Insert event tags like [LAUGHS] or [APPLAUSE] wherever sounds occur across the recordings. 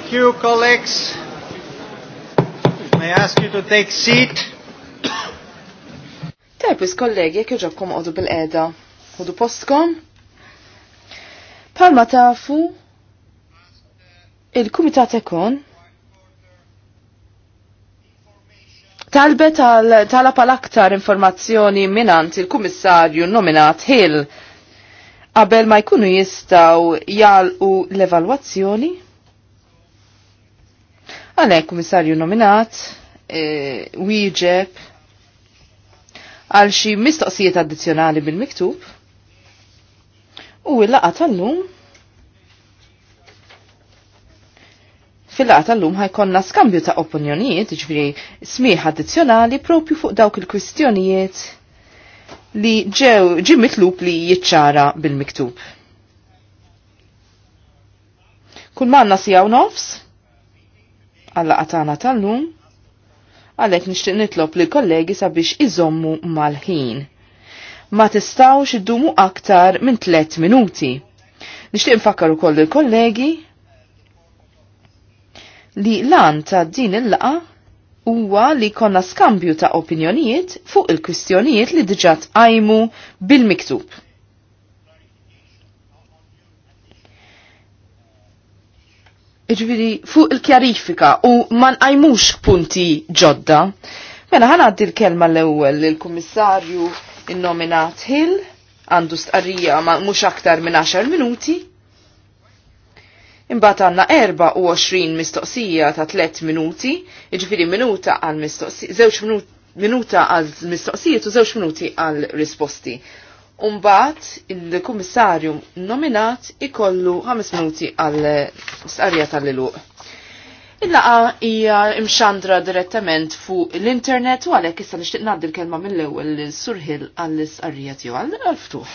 Thank you, colleagues. May I ask you to take seat? Tajbis, kollegi, jek joġobkom għodu bil-eda. Għodu postkom? Palma tafu il-Kumitat Ekon talbet tala pal aktar informazzjoni minant il-Kummissarju nominat Hill qabel ma jkunu jistaw jalqu l-evalwazzjoni? Għalhekk komissarju nominat e, wieġeb għal xi mistoqsijiet addizzjonali bil-miktub u l-laqa tal-lum fil-laqa tal-lum ħajkonna skambju ta' opinjonijiet, ġviri smieħ addizzjonali propju fuq dawk il-kwistjonijiet li ġew ġimmit mitlub li jiċċara bil-miktub. Kull manna sijaw nofs? għalla għatana tal-lum, għalek nishtiq nitlob li kollegi sabiex iżommu mal-ħin. Ma tistawx iddumu aktar minn 3 minuti. Nishtiq nfakkaru ukoll il-kollegi li lan ta' din il-laqa huwa li konna skambju ta' opinjonijiet fuq il-kwistjonijiet li diġat għajmu bil-miktub. Iġviri, fuq il-kjarifika u man għajmux punti ġodda. Mela ħana għaddi l-kelma l-ewel l kummissarju il-nominat Hill, għandu stqarrija ma mux aktar minn 10 minuti. Imbagħad għanna 24 mistoqsija ta' 3 minuti, iġviri minuta għal mistoqsija, zewċ minuta għal mistoqsija u zewċ minuti għal risposti. Umbat il-kummissarju nominat ikollu 5 minuti għal sarja tal-iluq. Il-laqa hija imxandra direttament fuq l-internet u għalhekk issa nixtieq ngħaddi l-kelma mill-ewwel surħil għall-isqarrija tiegħu għall-ftuħ.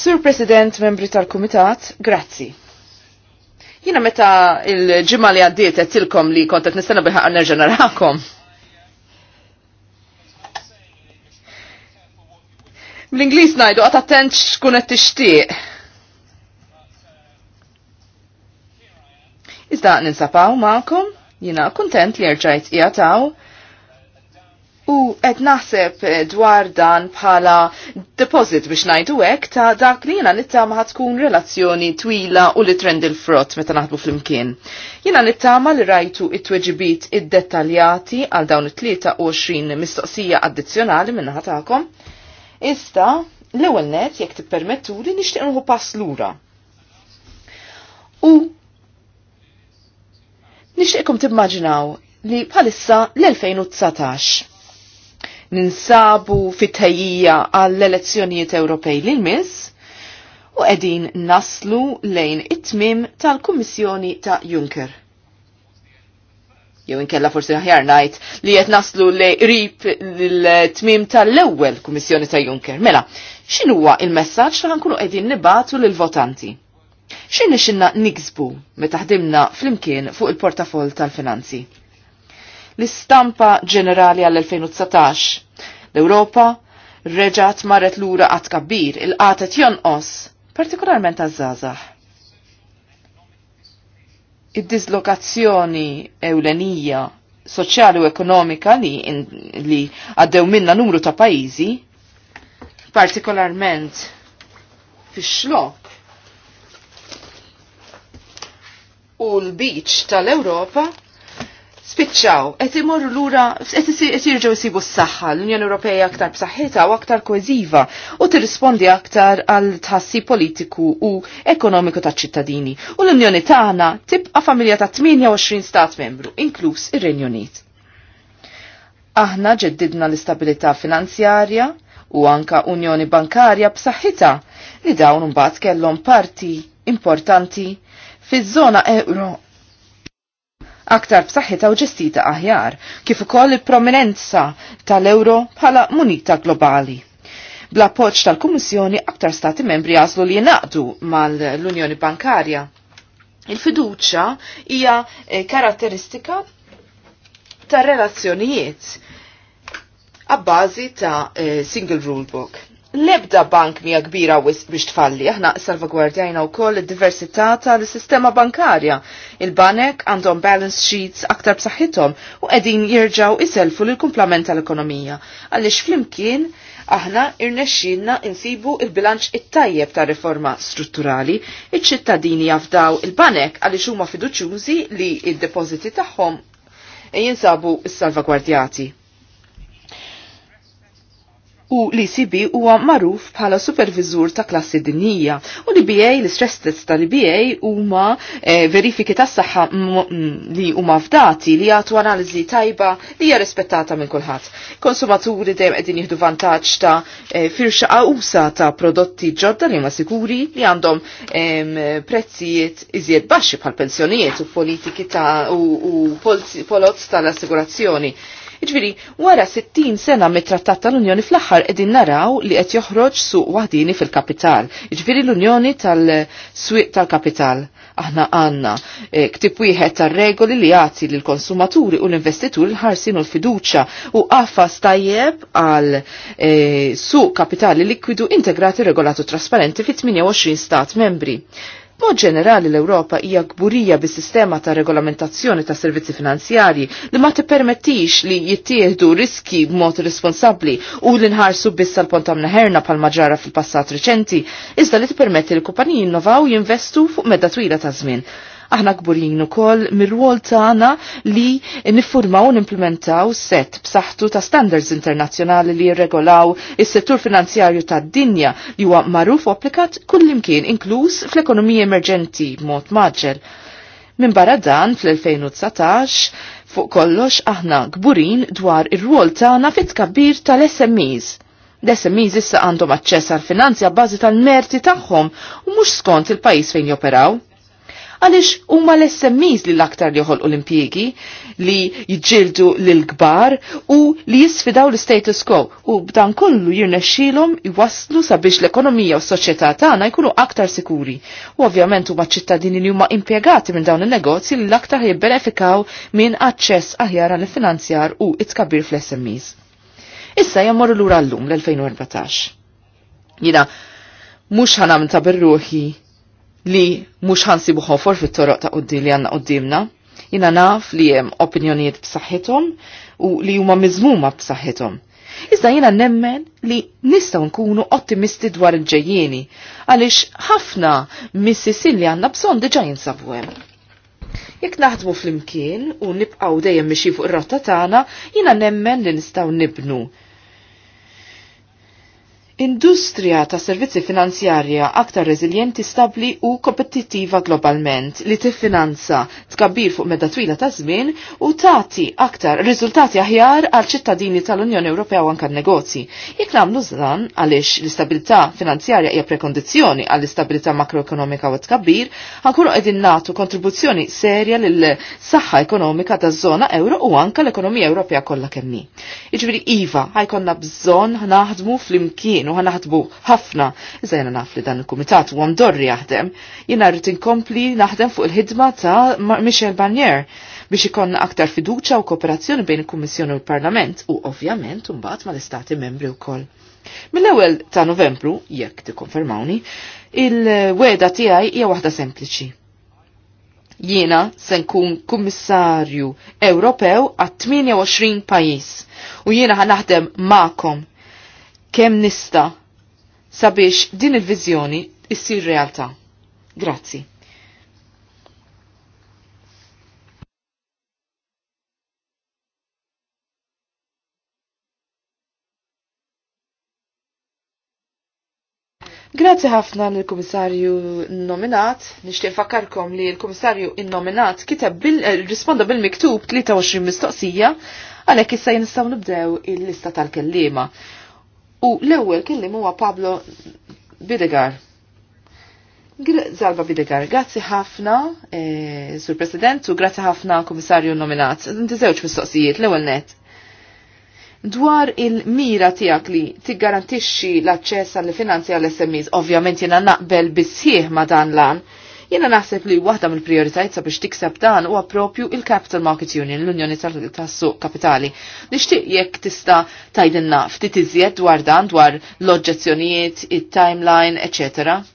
Sur President, membri tal-Kumitat, grazzi. Jina meta il-ġimma li għaddiet tilkom li kontet nistenna biħaq nerġa' narakom Bl-Inglis najdu għat attent xkun qed tixtieq. Iżda ninsapaw ma'kom, jina kontent li rġajt jgħataw. U qed naħseb dwar dan bħala deposit biex ngħidu hekk ta' dak li jiena nittama ħad tkun relazzjoni twila u li trend il-frott meta fl flimkien. Jiena nittama li rajtu it-tweġibit id detaljati għal dawn it-23 mistoqsija addizzjonali minna tagħkom. Iżda, l-ewwel net jekk permettu li nixtieq nħu pass lura. U nixtieqkom timmaġinaw li bħalissa l-2019 ninsabu fit tajija għall-elezzjonijiet Ewropej li miss u edin naslu lejn it-tmim tal-Kummissjoni ta' Juncker jew inkella forsi aħjar ngħid li qed naslu li qrib l-tmim tal-ewwel Kummissjoni ta' Juncker. Mela, x'inhuwa il-messaġġ li ħankunu qegħdin nibatu lill-votanti? X'inhi xinna niksbu meta ħdimna flimkien fuq il-portafol tal-finanzi? L-istampa ġenerali għall-2019. L-Ewropa reġat marret lura qatt kabbir, il-qatet jonqos, partikolarment għaż-żgħażagħ id-dislokazzjoni ewlenija soċjali u ekonomika li, li għaddew minna numru ta' pajizi, partikolarment fix-xlok u l-biċ tal-Ewropa, spiċċaw, qed imorru lura qed jirġgħu jsibu s-saħħa l-Unjoni Ewropea aktar b'saħħitha u aktar koeżiva u tirrispondi aktar għal tħassi politiku u ekonomiku taċ-ċittadini. U l-Unjoni tagħna tibqa' familja ta' 28 stat membru, inkluż ir-Renju Unit. Aħna ġeddidna l-istabilità finanzjarja u anka Unjoni Bankarja b'saħħitha li dawn mbagħad kellhom parti importanti fiż-żona euro aktar b'saħħitha u ġestita aħjar, kif ukoll il-prominenza tal-euro bħala munita globali. Bla poċ tal-Kummissjoni aktar stati membri jaslu li jenaqdu mal-Unjoni Bankarja. Il-fiduċa hija eh, karatteristika ta' relazzjonijiet għabbażi ta' eh, single rule book. Lebda bank mija kbira biex tfalli, aħna salvagwardjajna u koll diversità tal-sistema bankarja. Il-banek għandhom balance sheets aktar b'saħħithom u qegħdin jirġaw iselfu l kumplament tal-ekonomija. Għaliex flimkien aħna irnexxinna insibu il-bilanċ it-tajjeb ta' riforma strutturali, iċ-ċittadini jafdaw il-banek għaliex huma fiduċjużi li id-depożiti tagħhom jinsabu s-salvagwardjati u l-ECB huwa magħruf bħala supervizur ta' klassi dinjija u l ba l-stress test tal BA huma e, verifiki tas saħħa mm, li huma fdati li jagħtu analiżi tajba li hija rispettata minn kulħadd. Konsumaturi dejjem qegħdin jieħdu vantaġġ ta' e, firxa qawsa ta' prodotti ġodda li huma sikuri li għandhom e, prezzijiet iżjed baxxi bħal pensjonijiet u politiki ta' u, u polozz tal-assigurazzjoni. Iġviri, wara 60 sena mit-trattat tal-Unjoni fl-aħħar edin naraw li qed joħroġ suq waħdini fil-kapital. Iġviri l-Unjoni tal-Swiq tal-Kapital. Aħna għanna e, ktib wieħed tar-regoli li jagħti lil konsumaturi u l-investituri l-ħarsin u l-fiduċa u qafas tajjeb għal e, suq kapitali likwidu integrati regolatu trasparenti fit-28 stat membri. Mod ġenerali l-Ewropa hija kburija bis sistema ta' regolamentazzjoni ta' servizzi finanzjarji li ma tippermettix li jittieħdu riski b'mod responsabbli u li nħarsu biss tal pont ħerna pal maġara fil-passat reċenti, iżda li tippermetti li kumpaniji jinnovaw jinvestu fuq medda twila ta' żmien. Aħna kburin ukoll mir-rwol tagħna li niffurmaw u nimplementaw set b'saħħtu ta' standards internazzjonali li jirregolaw is-settur finanzjarju tad-dinja li huwa magħruf u applikat kullimkien inkluż fl-ekonomija emerġenti mod maġġel. Min barra dan fl-2019 fuq kollox aħna kburin dwar ir-rwol tagħna fit-tkabbir tal-SMEs. L-SMEs issa għandhom aċċess għal finanzja bazi tal-merti tagħhom u mhux skont il-pajjiż fejn joperaw għaliex huma l-SMEs li l-aktar li joħolqu l-impjiegi li jġildu l-kbar u li jisfidaw l-status quo u b'dan kollu jirnexxilhom iwaslu sabiex l-ekonomija u s-soċjetà tagħna jkunu aktar sikuri. U ovvjament huma ċittadini li huma impjegati minn dawn in-negozji li l-aktar jibbenefikaw minn aċċess aħjar għall-finanzjar u it-tkabbir fl-SMEs. Issa l-ura lura llum l-2014. Jina, mux ħanam ta' berruħi li mhux ħansi buħofor fit-toroq ta' uddi li għandna uddimna, Jina naf li hemm opinjonijiet b'saħħithom u li huma miżmuma b'saħħithom. Iżda jina nemmen li nistaw nkunu ottimisti dwar il ġejjeni għalix ħafna mis-Sisilli għanna bżon diġa jinsabu Jek Jekk naħdmu fl-imkien u nibqaw dejjem mixi fuq ir-rotta tagħna, jina nemmen li nistaw nibnu industrija ta' servizzi finanzjarja aktar rezilienti stabli u kompetittiva globalment li tiffinanza tkabbir fuq medda twila ta' żmien u tagħti aktar riżultati aħjar għal ċittadini tal-Unjoni Ewropea u anke negozji. Jekk nagħmlu dan għaliex l-istabilità finanzjarja hija prekondizzjoni għall istabilità makroekonomika u tkabbir, ankunu qegħdin nagħtu kontribuzzjoni serja lil saħħa ekonomika taż-żona euro u anke l-ekonomija Ewropea kollha kemm hi. Jiġifieri iva ħajkonna bżonn naħdmu flimkien kienu ħanaħdbu ħafna. Iżda jena naf li dan il-kumitat u għamdorri jaħdem, jena rrit inkompli naħdem fuq il-ħidma ta' Michel Barnier biex ikon aktar fiduċa u kooperazzjoni bejn il-Kummissjoni u l-Parlament u ovvjament mbagħad mal-Istati membri wkoll. Mill-ewwel ta' Novembru, jekk tikkonfermawni, il-weda tiegħi hija waħda sempliċi jiena se nkun kummissarju Ewropew għat 28 pajis u jiena ħanaħdem ma'kom kemm nista sabiex din il vizjoni issir realtà. Grazzi. Grazzi ħafna l-Komissarju nominat. Nishtiq fakkarkom li l-Komissarju innominat kitab bil eh, risponda bil-miktub 23 mistoqsija għalhekk issa jinistgħu nibdew il-lista tal-kellima. U l-ewwel kellim huwa Pablo Bidegar. Zalba Bidegar, grazzi ħafna, eh, Sur President, u grazzi ħafna Komissarju nominat. Inti żewġ mistoqsijiet, l-ewwel net. Dwar il-mira tiegħek li tiggarantixxi l-aċċess għall finanzi għall smis ovvjament jiena naqbel bisħieħ ma dan lan, Jena naħseb li waħda mill prioritajt sabiex tikseb dan huwa propju il-Capital Market Union, l-Unjoni tal-Tassu Kapitali. Nixtieq jekk tista' tajdilna ftit iżjed dwar dan dwar l-oġġezzjonijiet, it-timeline, ecc.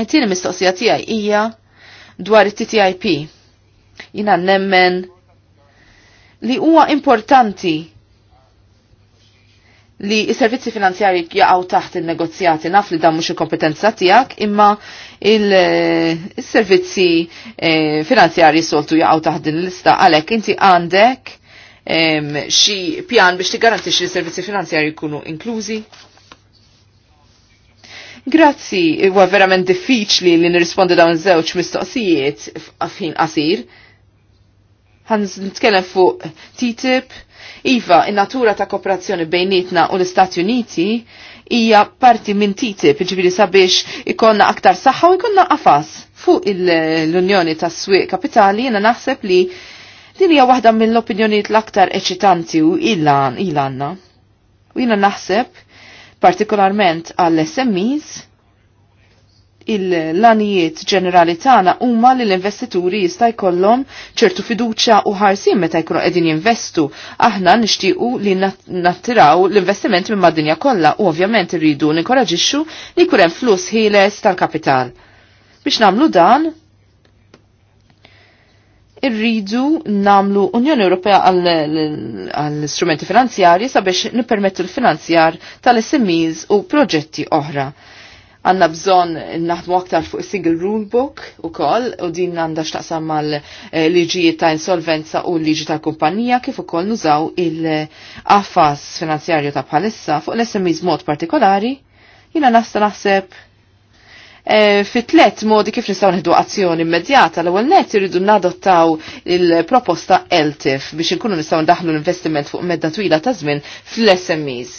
It-tieni mistoqsija tiegħi hija dwar it-TTIP. Jina nemmen li huwa importanti li s-servizzi finanzjari jaqgħu taħt il-negozjati naf li dan mhux il-kompetenza tiegħek, imma il-servizzi eh, eh, finanzjari soltu jaqgħu taħt din lista għalhekk inti għandek xi pjan biex tigarantixxi li s-servizzi finanzjari jkunu inklużi? Grazzi, huwa verament diffiċli li nirrispondi dawn iż-żewġ mistoqsijiet f'ħin qasir. Ħan nitkellem fuq TTIP, Iva, in-natura ta' kooperazzjoni bejnietna u l-Istati Uniti hija parti minn TTIP, ġifiri sabiex ikonna aktar saħħa u ikonna qafas fuq l-Unjoni tas swieq Kapitali, jiena naħseb li din hija waħda mill-opinjonijiet l-aktar eċitanti u ilan ilanna. U jiena naħseb partikolarment għall-SMEs il-lanijiet ġenerali tagħna huma li l-investituri jista' jkollhom ċertu fiduċja u ħarsin meta jkunu qegħdin jinvestu. Aħna nixtiequ li nattiraw l-investiment minn mad-dinja kollha u ovvjament irridu ninkoraġixxu li jkun hemm flus ħieles tal-kapital. Biex nagħmlu dan, irridu namlu Unjoni Ewropea għall-istrumenti finanzjari sabiex nipermettu l-finanzjar tal-SMEs u proġetti oħra għanna bżon naħdmu aktar fuq single rule book u koll u din għanda xtaqsam mal eh, liġijiet ta' insolvenza u liġi ta' kumpanija kif ukoll nużaw il-affas finanzjarju ta' bħalissa fuq l-SMEs mod partikolari jina nasta naħseb eh, fi tlet modi kif nistgħu nieħdu azzjoni immedjata l-ewwel net iridu nadottaw il-proposta ELTIF biex inkunu nistgħu ndaħlu l-investiment fuq medda twila ta' żmien fl-SMEs.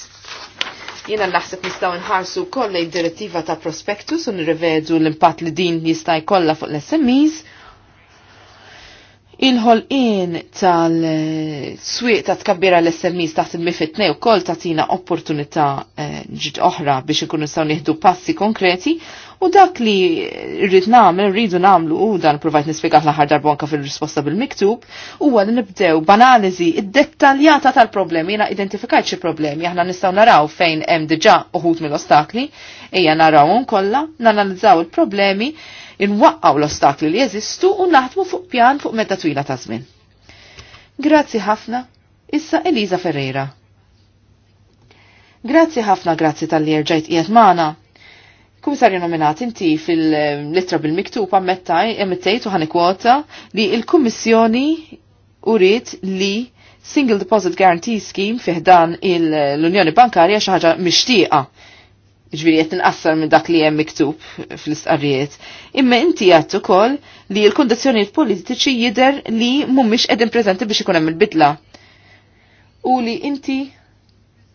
Jiena naħseb nistaw nħarsu wkoll id-direttiva ta' prospektus u nirrevedu l-impatt li din jista' jkollha fuq l-SMEs. Il-ħolqien tal-swieq ta' tkabbira l-SMEs taħt il-mifit u kol tatina opportunità eh, ġid oħra biex ikunu nistgħu nieħdu passi konkreti U dak li rrid nagħmel, rridu nagħmlu u dan provajt nispjega l-aħħar darbonka fil-risposta bil-miktub, huwa li nibdew banaliżi id-dettaljata tal-problemi, jiena identifikajt xi problemi, aħna nistgħu naraw fejn hemm diġà uħud mill-ostakli, ejja narawhom kollha, nanalizzaw il-problemi, inwaqqaw l-ostakli li jeżistu u naħdmu fuq pjan fuq meta twila ta' żmien. Grazzi ħafna. Issa Eliza Ferreira. Grazzi ħafna grazzi tal-li rġajt qiegħed magħna. Kummissarju nominat inti fil-litra bil-miktub ammettaj emettejt u kwota li il-Kummissjoni urid li Single Deposit Guarantee Scheme fiħdan l-Unjoni Bankarja xi ħaġa mixtieqa. Ġviri qed inqassar minn dak li hemm miktub fl-istqarrijiet. Imma inti għedt ukoll li l-kundizzjonijiet politiċi jidher li mhumiex qegħdin preżenti biex ikun hemm il-bidla. U li inti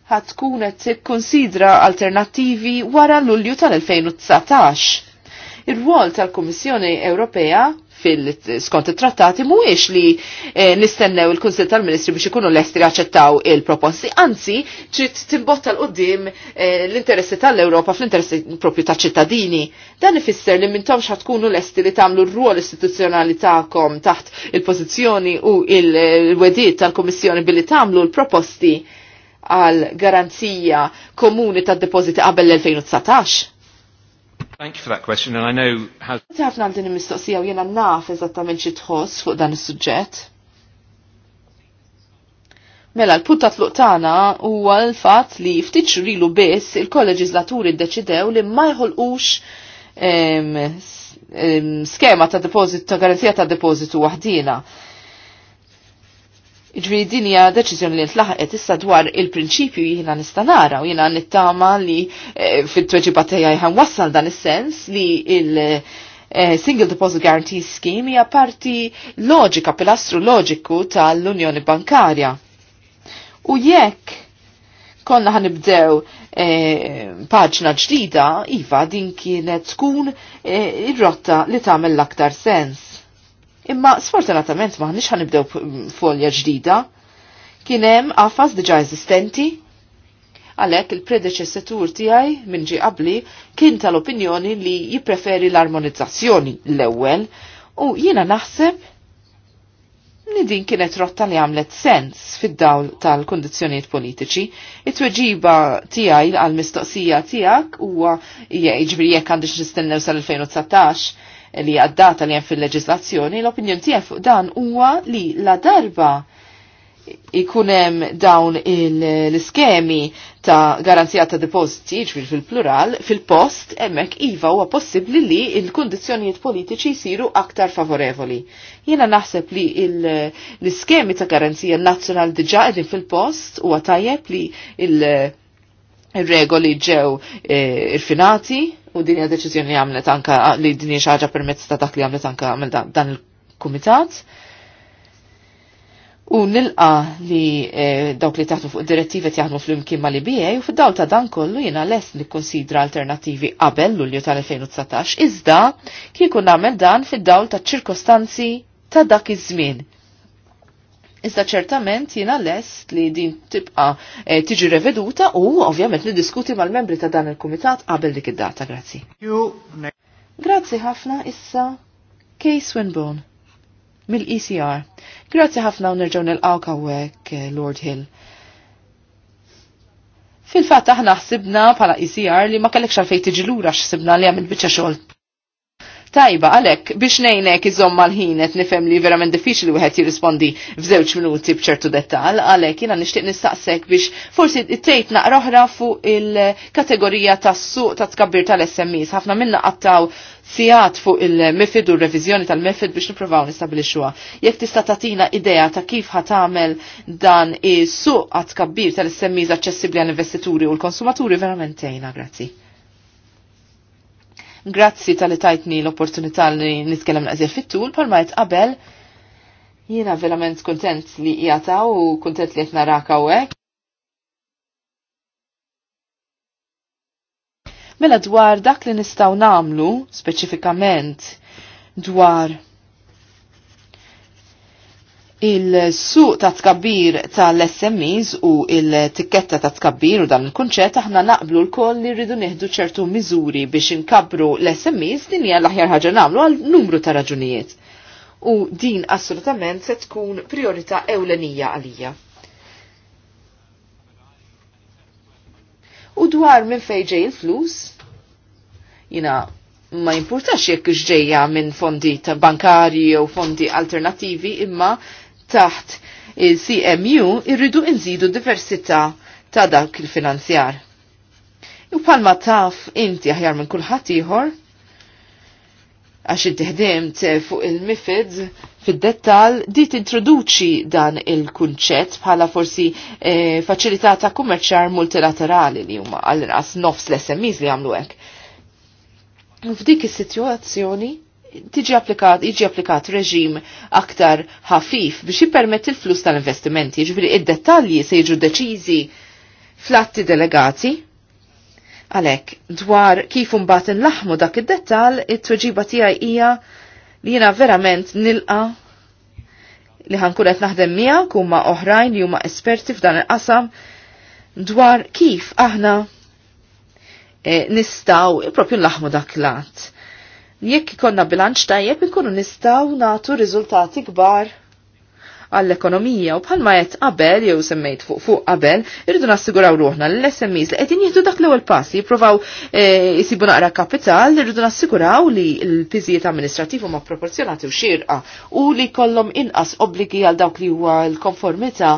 ħad tkun qed tikkunsidra alternattivi wara Lulju tal-2019. Ir-rwol tal-Kummissjoni Ewropea fil-skont it-trattati mhuwiex li eh, nistennew il-Kunsill tal-Ministri biex ikunu lesti jaċċettaw il-proposti, anzi trid timbotta l qudiem eh, l-interessi tal-Ewropa fl-interessi propju ta' ċittadini. Dan ifisser li mintomx ħatkunu lesti li tagħmlu r-rwol istituzzjonali tagħkom taħt il-pożizzjoni u il-wedid tal-Kummissjoni billi tagħmlu l-proposti għal garanzija komuni ta' depositi qabel l-2019? Thank you for that question and I know how... Tafna għal din mistoqsija u jena naf eżattament xi tħoss fuq dan is-suġġett. Mela l-punta tluqtana huwa l-fatt li ftit rilu biss il-kolleġislaturi ddeċidew li ma jħolqux skema ta' deposit ta' garanzija ta' depozitu waħdina Iġri din hija deċiżjoni li tlaħqet issa dwar il-prinċipju jiena nista' nara u jiena nittama li eh, fit-tweġiba tweġi jħan wassal dan is-sens li il- eh, Single Deposit Guarantee Scheme hija parti loġika, pilastru loġiku tal-Unjoni Bankarja. U jekk konna ħanibdew eh, paġna ġdida, iva din kienet tkun ir-rotta li tagħmel l-aktar sens. Imma sfortunatament maħniex ħanibdew folja ġdida. Kienem għafas diġa eżistenti, għalek il-predeċessatur tijaj minn ġi qabli kien tal-opinjoni li jipreferi l-armonizzazzjoni l-ewel u jina naħseb li din kienet rotta li għamlet sens fid-dawl tal-kondizjoniet politiċi. It-tweġiba tijaj għal-mistoqsija tijak u jgħiġbri jek għandix nistennew sal-2019 li għaddata li hemm fil-leġislazzjoni, l opinjon tiegħi fuq dan huwa li la darba ikunem dawn l-iskemi ta' garanzija ta' depositi, ġvil fil-plural, fil-post, emmek iva huwa possibli li il kondizjoniet politiċi jisiru aktar favorevoli. Jena naħseb li l-iskemi ta' garanzija nazzjonal diġa edin fil-post u għatajep li il-regoli ġew eh, irfinati. E, u din hija deċiżjoni li għamlet anka li din hija ħaġa permezz ta' dak li għamlet anka għamel dan il-kumitat. U nilqa li e, dawk li taħdu fuq direttiva jaħdmu fl-imkien ma u fid-dawl ta' dan kollu jiena lest konsidra alternattivi qabel lulju tal-2019 iżda kieku nagħmel dan fid-dawl ta' ċirkostanzi ta' dak iż-żmien Iżda ċertament jiena lest li din tibqa eh, tiġi reveduta u ovvjament niddiskuti mal-membri ta' dan il-kumitat qabel dik id-data, grazzi. Grazzi ħafna issa Kay Swinburne mill-ECR. Grazzi ħafna u nerġgħu nilqgħu eh, Lord Hill. Fil-fatt aħna ħsibna bħala ECR li ma kellek xarfej tiġi lura x'sibna li għamil biċċa xogħol tajba għalek biex nejnek iżom mal-ħinet nifem li verament diffiċli wieħed jirrispondi f'żewġ minuti bċertu dettal, għalek jina nixtieq nistaqsek biex forsi tejt naqroħra fuq il-kategorija tas-suq ta' tkabbir tal smis Ħafna minna għattaw sijat fuq il-mifid u revizjoni tal-mifid biex niprofaw nistabilixuha. Jekk tista' tagħtina idea ta' kif ħatamel dan is-suq għat kabbir tal smis aċċessibbli għall-investituri u l-konsumaturi verament tejna, grazzi. Grazzi tal-li tajtni l-opportunità li nitkellem naqsir fit-tul, palma qabel jiena verament kontent li jgħata u kontent li jtna raka u Mela dwar dak li nistaw namlu, speċifikament dwar Il-suq ta' tkabbir tal-SMEs u il-tikketta ta' tkabbir u dan il-kunċett aħna naqblu l-koll li rridu neħdu ċertu miżuri biex inkabru l-SMEs din hija l-aħjar ħaġa nagħmlu għal numru ta' raġunijiet. U din assolutament se tkun priorità ewlenija għalija. U dwar minn fejġej il-flus, jina ma jimpurtax jekk ġejja minn fondi ta' bankari jew fondi alternativi imma taħt il-CMU irridu nżidu diversità ta' dak il-finanzjar. U palma taf inti aħjar minn kulħadd ieħor għax id fuq il-mifid fid-dettal di introduċi dan il-kunċett bħala forsi e, faċilitata kummerċar multilaterali li huma għall-inqas nofs l-SMEs li għamlu hekk. F'dik is-sitwazzjoni tiġi applikat, jiġi applikat reġim aktar ħafif biex jippermetti l-flus tal-investimenti, ġifiri id-dettalji se jiġu deċiżi fl-atti delegati. Għalek, dwar kif mbagħad inlaħmu dak id-dettall, it-tweġiba tiegħi hija li jiena verament nilqa li ħankun naħdem miegħek huma oħrajn li huma esperti f'dan il-qasam dwar kif aħna e, nistaw propju laħmu dak lat Jekk ikonna bilanċ tajjeb ikunu nistaw natu riżultati kbar għall-ekonomija u bħalma jett qabel jew semmejt fuq fuq qabel, irridu nassiguraw ruħna l-SMEs li qegħdin jieħdu dak l-ewwel pass jippruvaw e, isibu naqra kapital, irridu nassiguraw li l-piżijiet amministrativi huma proporzjonati u xirqa u li kollhom inqas obbligi għal dawk li huwa l-konformità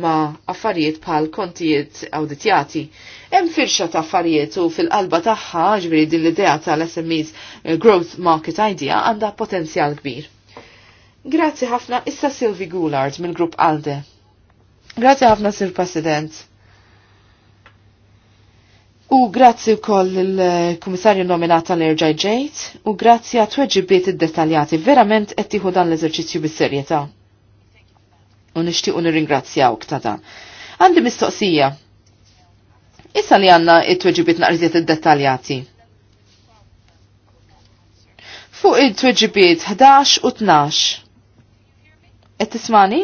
ma affarijiet bħal kontijiet awditjati. Hemm firxa ta' affarijiet u fil-qalba tagħha ġifieri din l-idea tal-SMEs eh, Growth Market Idea għandha potenzjal kbir. Grazzi ħafna issa Silvi Goulart mill-Grupp Alde. Grazzi ħafna Sir President. U grazzi wkoll il-Kummissarju nominat tal-Erġaj Ġejt u grazzi għat weġibiet id-detaljati verament qed tieħu dan l-eżerċizzju bis-serjetà. U nixtiequ nirringrazzjawk ta' dan. Għandi mistoqsija. Issa li għanna it-tweġibit naqriżiet id detaljati Fuq it-tweġibit 11 u 12. Et tismani?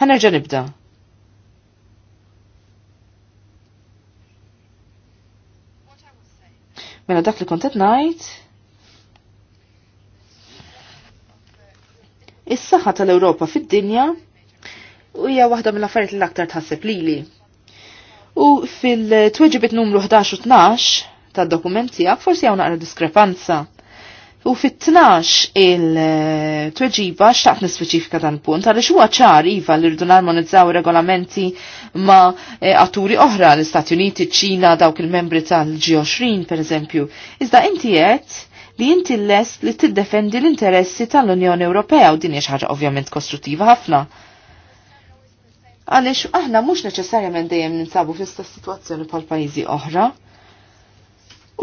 Ħanerġa' nibda. Mela dak li kontet najt. Is-saħħa tal-Ewropa fid-dinja u hija waħda mill-affarijiet l-aktar tħasseb lili. U fil tweġibet numru 11 u 12 ta' dokumenti għak forsi għaw naqra diskrepanza. U fit-12 il-tweġiba xtaqt nispeċifika dan punt, għalix huwa ċar iva li rridu narmonizzaw regolamenti ma eh, atturi oħra l-Istati Uniti, ċina, dawk il-membri tal-G20 per eżempju. Iżda inti qed li inti lest li tiddefendi l-interessi tal-Unjoni Ewropea u din hija ħaġa ovvjament kostruttiva ħafna għaliex aħna mhux neċessarjament dejjem ninsabu fl-istess sitwazzjoni bħal pajjiżi oħra.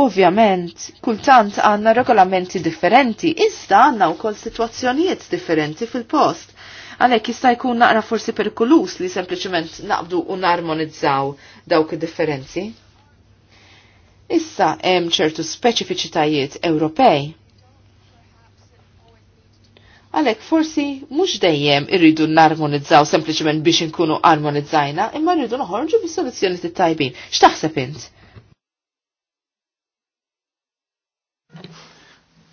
Ovvjament, kultant għanna regolamenti differenti, issa għanna u kol situazzjonijiet differenti fil-post. Għalek jista' jkun naqra forsi perikulus li sempliciment naqbdu u narmonizzaw dawk differenzi. Issa hemm ċertu speċifiċitajiet Ewropej Għalek forsi mux dejjem irridu narmonizzaw sempliciment biex inkunu armonizzajna, imma rridu noħorġu bi soluzzjoni t-tajbin. X'taħseb int?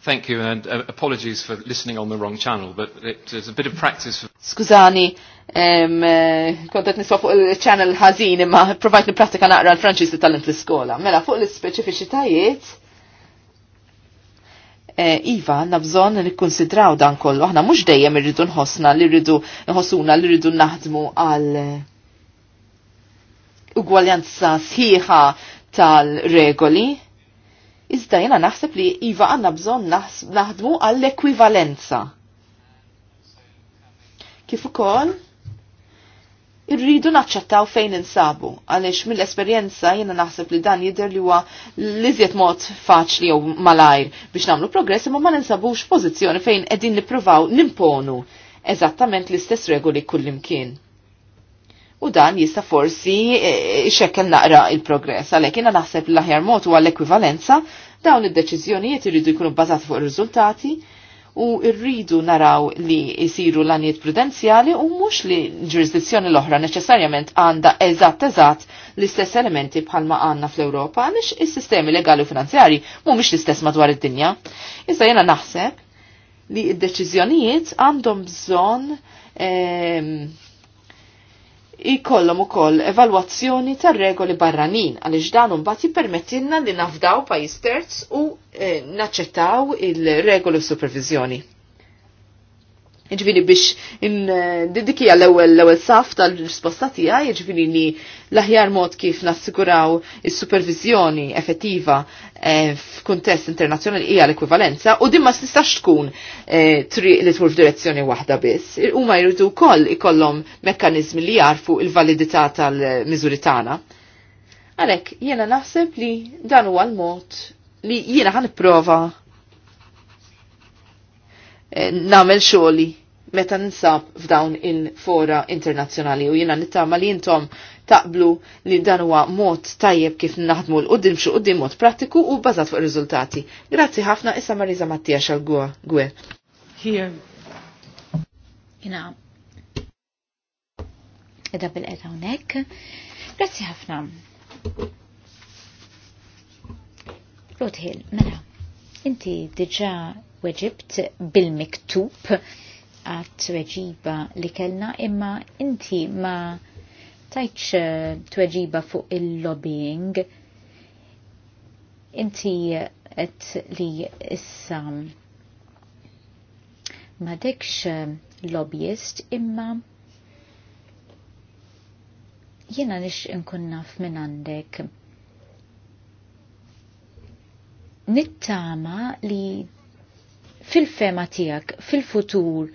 Thank you and uh, apologies for listening on the wrong channel, but it is a bit of practice for... Skużani, um, kontet nisfa fuq il-channel ħazin imma provajt pratika naqra l-Franċis li tal-int l-iskola. Mela fuq l-speċifiċitajiet, Eh, iva, nabżon bżon li konsidraw dan kollu. Aħna mux dejjem irridu nħossna li rridu nħossuna li rridu naħdmu għal ugwaljanza sħiħa tal-regoli. Iżda jena naħseb li Iva għanna bżon naħdmu għall-ekwivalenza. Kif ukoll? irridu naċċettaw fejn insabu, għaliex mill-esperjenza jiena naħseb li dan jidher li huwa liżiet mod faċli jew malajr biex nagħmlu progress imma ma ninsabux pożizzjoni fejn qegħdin nippruvaw nimponu eżattament l-istess regoli kullimkien. U dan jista' forsi e, e, xekkel naqra il-progress għalhekk jiena naħseb l-aħjar mod huwa l-ekwivalenza dawn id-deċiżjonijiet irridu jkunu bbażati fuq ir-riżultati u rridu naraw li jisiru l-għaniet prudenzjali u mux li ġurisdizzjoni l-oħra neċessarjament għanda eżatt eżatt l-istess elementi bħalma għanna fl-Europa għalix il-sistemi legali u finanzjari mux l-istess madwar id-dinja. Iżda jena naħseb li id-deċizjonijiet għandhom bżon ehm, ikollhom ukoll evalwazzjoni tar-regoli barranin għaliex dan bat jippermettilna li nafdaw pajjiż terz u eh, naċċettaw il-regoli supervizjoni. Iġvini jiġifieri biex didikija l-ewel l-ewel saf tal-risposta għaj, iġvini li l-aħjar mod kif nassiguraw il supervizjoni effettiva eh, f'kuntest internazzjonali hija l-ekwivalenza u dimma tistax tkun eh, triq li tmur f'direzzjoni waħda biss. Huma jridu wkoll ikollhom mekkaniżmi li jarfu il-validità tal-miżuri tagħna. Għalhekk jiena naħseb li dan huwa l-mod li jiena ħan prova Eh, namel xoli meta ninsab f'dawn il-fora internazzjonali u jina nittama li jintom taqblu li dan huwa mod tajjeb kif naħdmu l-qoddim xi qoddim mod pratiku u bazat fuq riżultati. Grazzi ħafna issa Marisa xal għal gwe. Here. Jina. Ida bil-qeda unek. Grazzi ħafna. Rod Hill, mela, inti diġa weġibt bil-miktub għat tweġiba li kellna imma inti ma tajċ eh, tweġiba fuq il-lobbying inti et li issa ma dekx eh, lobbyist imma jena nix inkun naf minn għandek nittama li fil-fema tijak, fil-futur.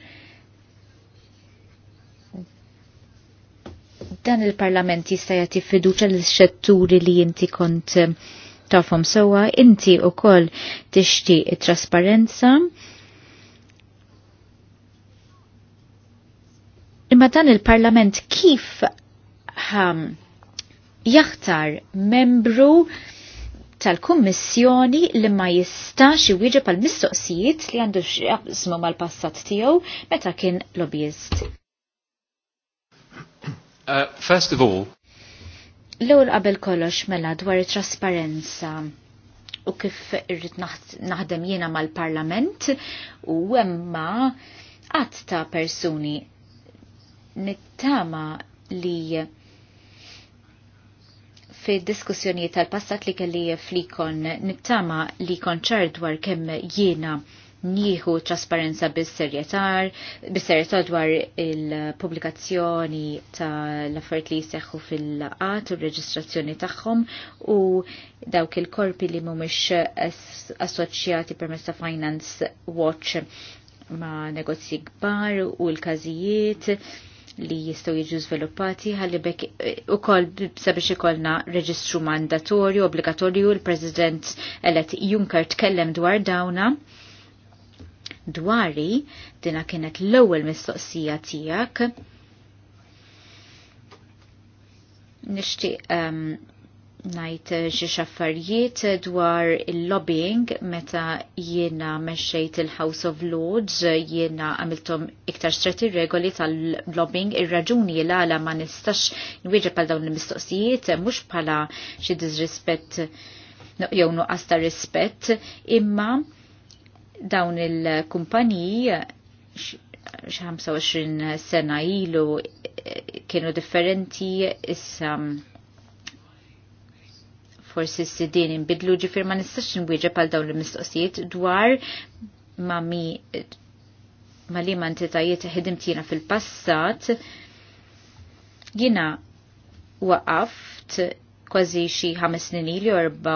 Dan il-parlament jista' jati fiduċa l-xetturi li inti kont eh, tafhom sewwa, inti wkoll tixtieq it-trasparenza. Imma dan il-parlament kif ħam jaħtar membru tal-Kummissjoni li ma jistax iwieġeb għal mistoqsijiet li għandu x'jaqsmu mal-passat tiegħu meta kien lobbyist. Uh, first of all, l-ewwel qabel kollox mela dwar it-trasparenza u kif irrid naħdem jiena mal-Parlament u emma qatt ta' persuni nittama li fi diskussjoni tal-passat li kelli flikon nittama li konċar dwar kemm jiena nieħu trasparenza bis-serjetar, bis-serjetar dwar il-publikazzjoni tal-affarijiet li jseħħu fil-laqat u r-reġistrazzjoni tagħhom u dawk il-korpi li mhumiex assoċjati permezz ta' Finance Watch ma' negozji kbar u l-każijiet li jistaw jiġu sviluppati ħalli bekk eh, u koll sabiex ikollna reġistru mandatorju, obbligatorju, l president elet Juncker tkellem dwar dawna. Dwari, dina kienet l-ewwel mistoqsija tiegħek. Nixtieq um, najt eh, xi xaffarijiet eh, dwar il-lobbying meta jiena meċċejt il-House of Lords eh, jiena għamiltom iktar strati regoli tal-lobbying ir-raġuni l għala ma nistax nwieġeb għal dawn il-mistoqsijiet mhux bħala xi disrispett jew nuqqas ta' rispett imma dawn il-kumpaniji 25 sena ilu kienu differenti issa mm, forsi s-sidin imbidlu ġifir ma nistax nwieġa għal dawn l-mistoqsijiet dwar ma mi ma li ma ntitajiet ħedimtina fil-passat jina waqaft kważi xi ħames snin u erba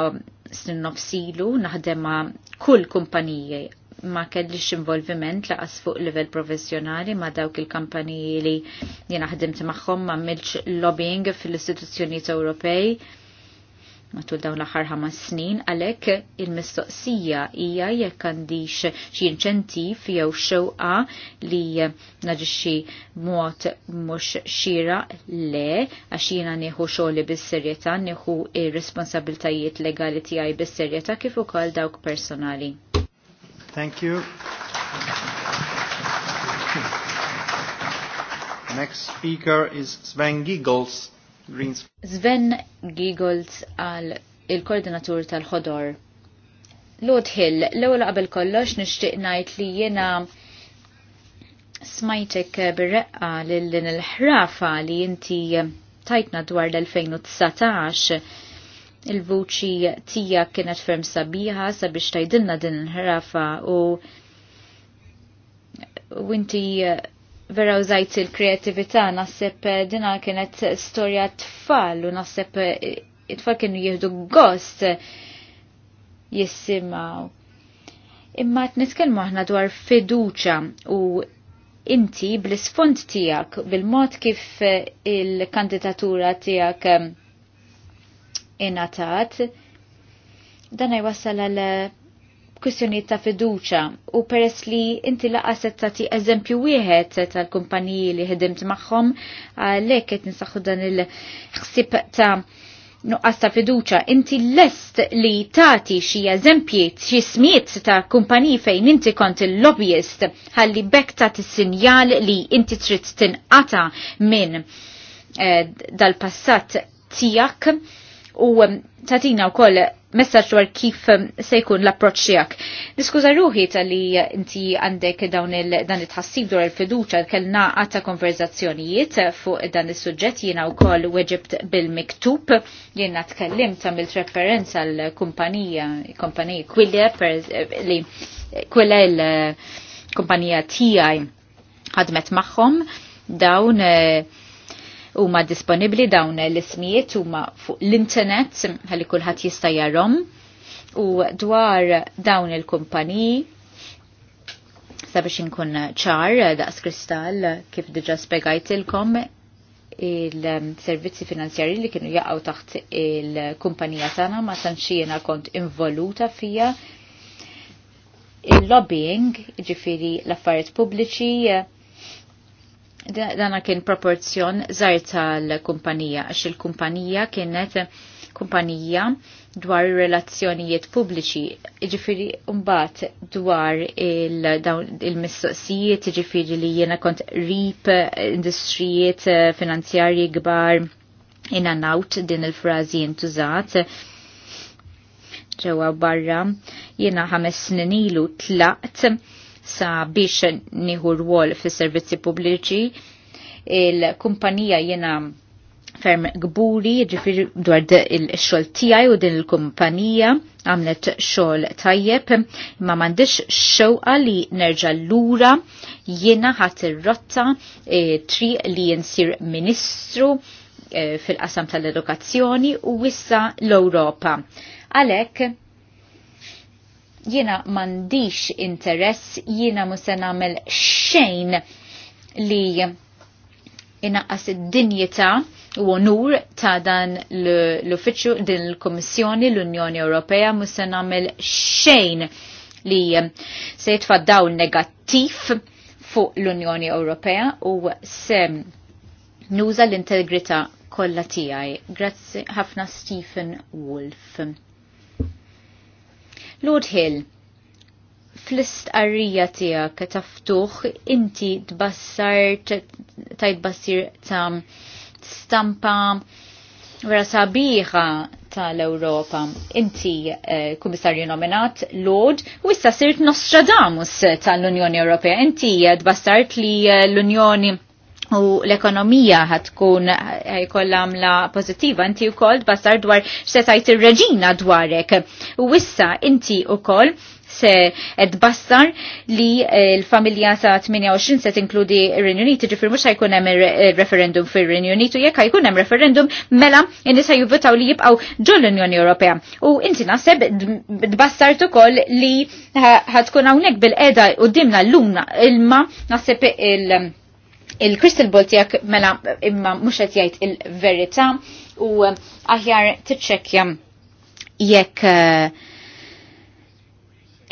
snin nofsilu naħdem ma' kull kumpaniji ma kellix involviment laqas fuq livell professjonali ma dawk il-kampaniji li jina ħedimt magħhom ma milx lobbying fil-istituzzjonijiet Ewropej matul dawn l-aħħar ħames snin għalhekk il-mistoqsija hija jekk għandix xi inċentiv jew xewqa li naġixxi mod mhux xira le għax jiena nieħu xogħli bis-serjetà, nieħu ir-responsabiltajiet legali tiegħi bis-serjetà kif ukoll dawk personali. Thank you. Next speaker is Sven Giggles. Greens. Sven Giegold għal il-koordinatur tal-ħodor. Lord Hill, l-ewwel qabel kollox nixtieq ngħid li jiena smajtek bir-reqqa lil il-ħrafa li inti tajtna dwar l-2019 il-vuċi tija kienet ferm sabiħa sabiex tajdilna din il-ħrafa u u inti vera użajt il-kreativita naħseb eh, dina kienet storja tfal u naħseb eh, it-tfal kienu jihdu gost eh, jissimaw. Imma t-nitkelmu aħna dwar fiduċa u inti bl-sfond tijak, bil-mod kif il-kandidatura tijak inatat, dan jwassal wassal għal kwistjoniet ta' fiduċa u peress li inti laqas tagħti eżempju wieħed tal-kumpaniji li ħedimt magħhom għalhekk qed ninsaħħu dan il ħsib ta' nuqqas ta' fiduċa. Inti lest li tagħti xi eżempji xi smiet ta' kumpaniji fejn inti kont il-lobbyist ħalli bekk tagħti sinjal li inti trid tinqata minn eh, dal-passat tiegħek u um, tatina u koll messaċ dwar kif um, se jkun l-approċ tiegħek. Niskuża ruħi tal-li uh, inti għandek dawn il dan it-ħassib dwar il-fiduċa kellna għatta konverzazzjonijiet uh, fuq dan is-suġġett jiena wkoll weġibt bil-miktub jiena tkellim il referenza l kumpanija kumpanija Quilla eh, li Quilla l-kumpanija eh, tiegħi ħadmet magħhom dawn uh, huma disponibbli dawn l-ismijiet huma fuq l-internet ħalli kulħadd jista' jarhom u dwar dawn il-kumpaniji sabiex inkun ċar daqs kristall kif diġa spegajtilkom il-servizzi finanzjari li kienu jaqgħu taħt il-kumpanija tagħna ma tantx jiena kont involuta fija il-lobbying, ġifiri l-affarijiet pubbliċi, dana kien proporzjon żgħar tal-kumpanija għax il-kumpanija kienet kumpanija dwar relazzjonijiet pubbliċi, ġifiri mbagħad dwar il-mistoqsijiet, il ġifiri li jiena kont rip eh, industrijiet eh, finanzjarji kbar in and out din il-frażi intużat ġewwa barra jiena ħames snin ilu tlaqt sa biex nieħu rwol fis servizzi pubbliċi. Il-kumpanija jena ferm gburi, ġifir dwar il-xol tijaj u din il-kumpanija għamlet xol tajjeb, ma mandiċ xewqa li nerġa l-lura jena ħat il-rotta e, tri li jinsir ministru e, fil-qasam tal-edukazzjoni u wissa l-Europa. Għalek, jiena m'għandix interess, jiena mhux se nagħmel xejn li inaqqas id-dinjità u onur ta' dan l-uffiċċju din l-Kummissjoni l-Unjoni Ewropea mhux se nagħmel xejn li se jitfaddaw negattiv fuq l-Unjoni Ewropea u se nuża l-integrità kollha tiegħi. Grazzi ħafna Stephen Wolf. Lord Hill, fl-istqarrija tijak taftuħ inti tbassar tajt bassir ta' stampa vera sabiħa tal-Europa. Inti eh, nominat Lord u issa sirt Nostradamus tal-Unjoni Ewropea. Inti eh, tbassart li eh, l-Unjoni u l-ekonomija ħatkun eh, jkollha għamla pożittiva inti wkoll tbassar dwar x'setajt ir-reġina dwarek. U issa inti wkoll se tbassar li eh, l-familja sa 28 se tinkludi ir-Renju ġifir mhux ħajkun hemm eh, referendum fir Renjuniti Unit jekk ħajkun hemm referendum mela in-nies jivvotaw li jibqgħu ġol l-Unjoni Ewropea. U inti naħseb tbassart ukoll li ħatkun hawnhekk bil-qeda qudiemna l-lum ilma naħseb il-, -il il-crystal ball tijak mela imma muxet jgħid il-verita u aħjar titċekja jekk eh,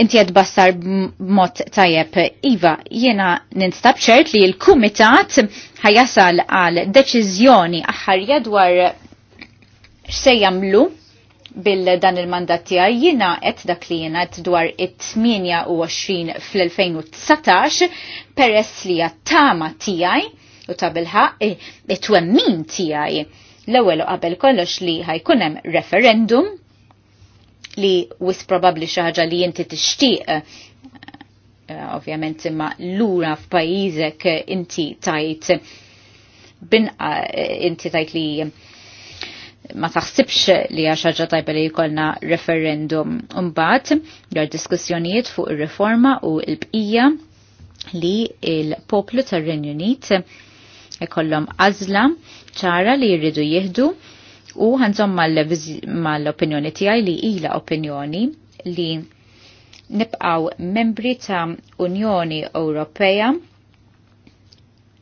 inti għed bassar b'mod tajjeb. Iva, jena ninstab ċert li l-kumitat ħajasal għal deċizjoni aħħar dwar x'sej jagħmlu bil-dan il-mandat tiegħi jiena qed dak li jiena qed dwar it-28 fl-2019 peress li tama tiegħi u ta' bilħaq e, it-twemmin tiegħi l-ewwel qabel kollox li ħajkun hemm referendum li wis probabbli xi ħaġa li inti tixtieq e, e, ovvjament imma lura f'pajjiżek inti tajt inti tajt li ma taħsibx li għaxħaġa tajba li jkollna referendum. Umbat, jar diskussjonijiet fuq il-reforma u il-bqija li il-poplu tar-Renju Unit ikollhom għażla ċara li jridu jieħdu u ħanżom mal-opinjoni tiegħi li ila opinjoni li nibqaw membri ta' Unjoni Ewropea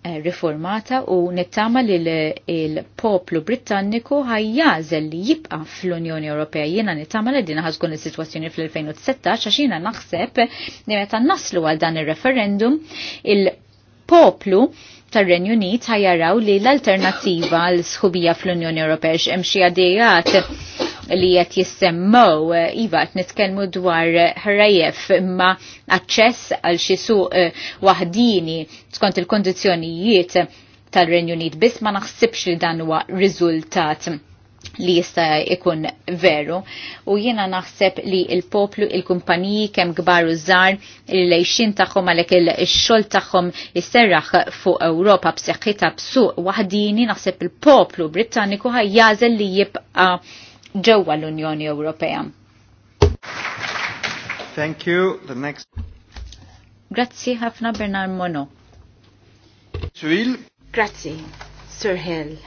Eh, riformata u nittama li l-poplu Britanniku ħajjażel li jibqa fl-Unjoni Ewropea. Jiena nittama li dina ħazgun is-sitwazzjoni fl-2016 għax jiena naħseb li eh, meta naslu għal dan ir-referendum il-poplu tar-Renju Unit ħajjaraw li l-alternattiva l sħubija fl-Unjoni Ewropea x'hemm xi li qed jissemmew eh, iva qed nitkellmu dwar eh, ħrajef imma aċċess għal xi suq eh, waħdini skont il kondizjonijiet tal-Renju Unit biss ma naħsibx li dan huwa riżultat li jista' ikun veru u jiena naħseb li il-poplu, il-kumpaniji kemm kbar u żgħar il-lejxin tagħhom għalhekk il-xogħol tagħhom jisserraħ fuq Ewropa b'seħħitha b'suq waħdini naħseb il-poplu Brittaniku ħajjażel li jibqa' ġewwa l-Unjoni Ewropea. Thank you. The next. Grazzi ħafna Bernard Mono. Civil. Grazzi, Sir Hill.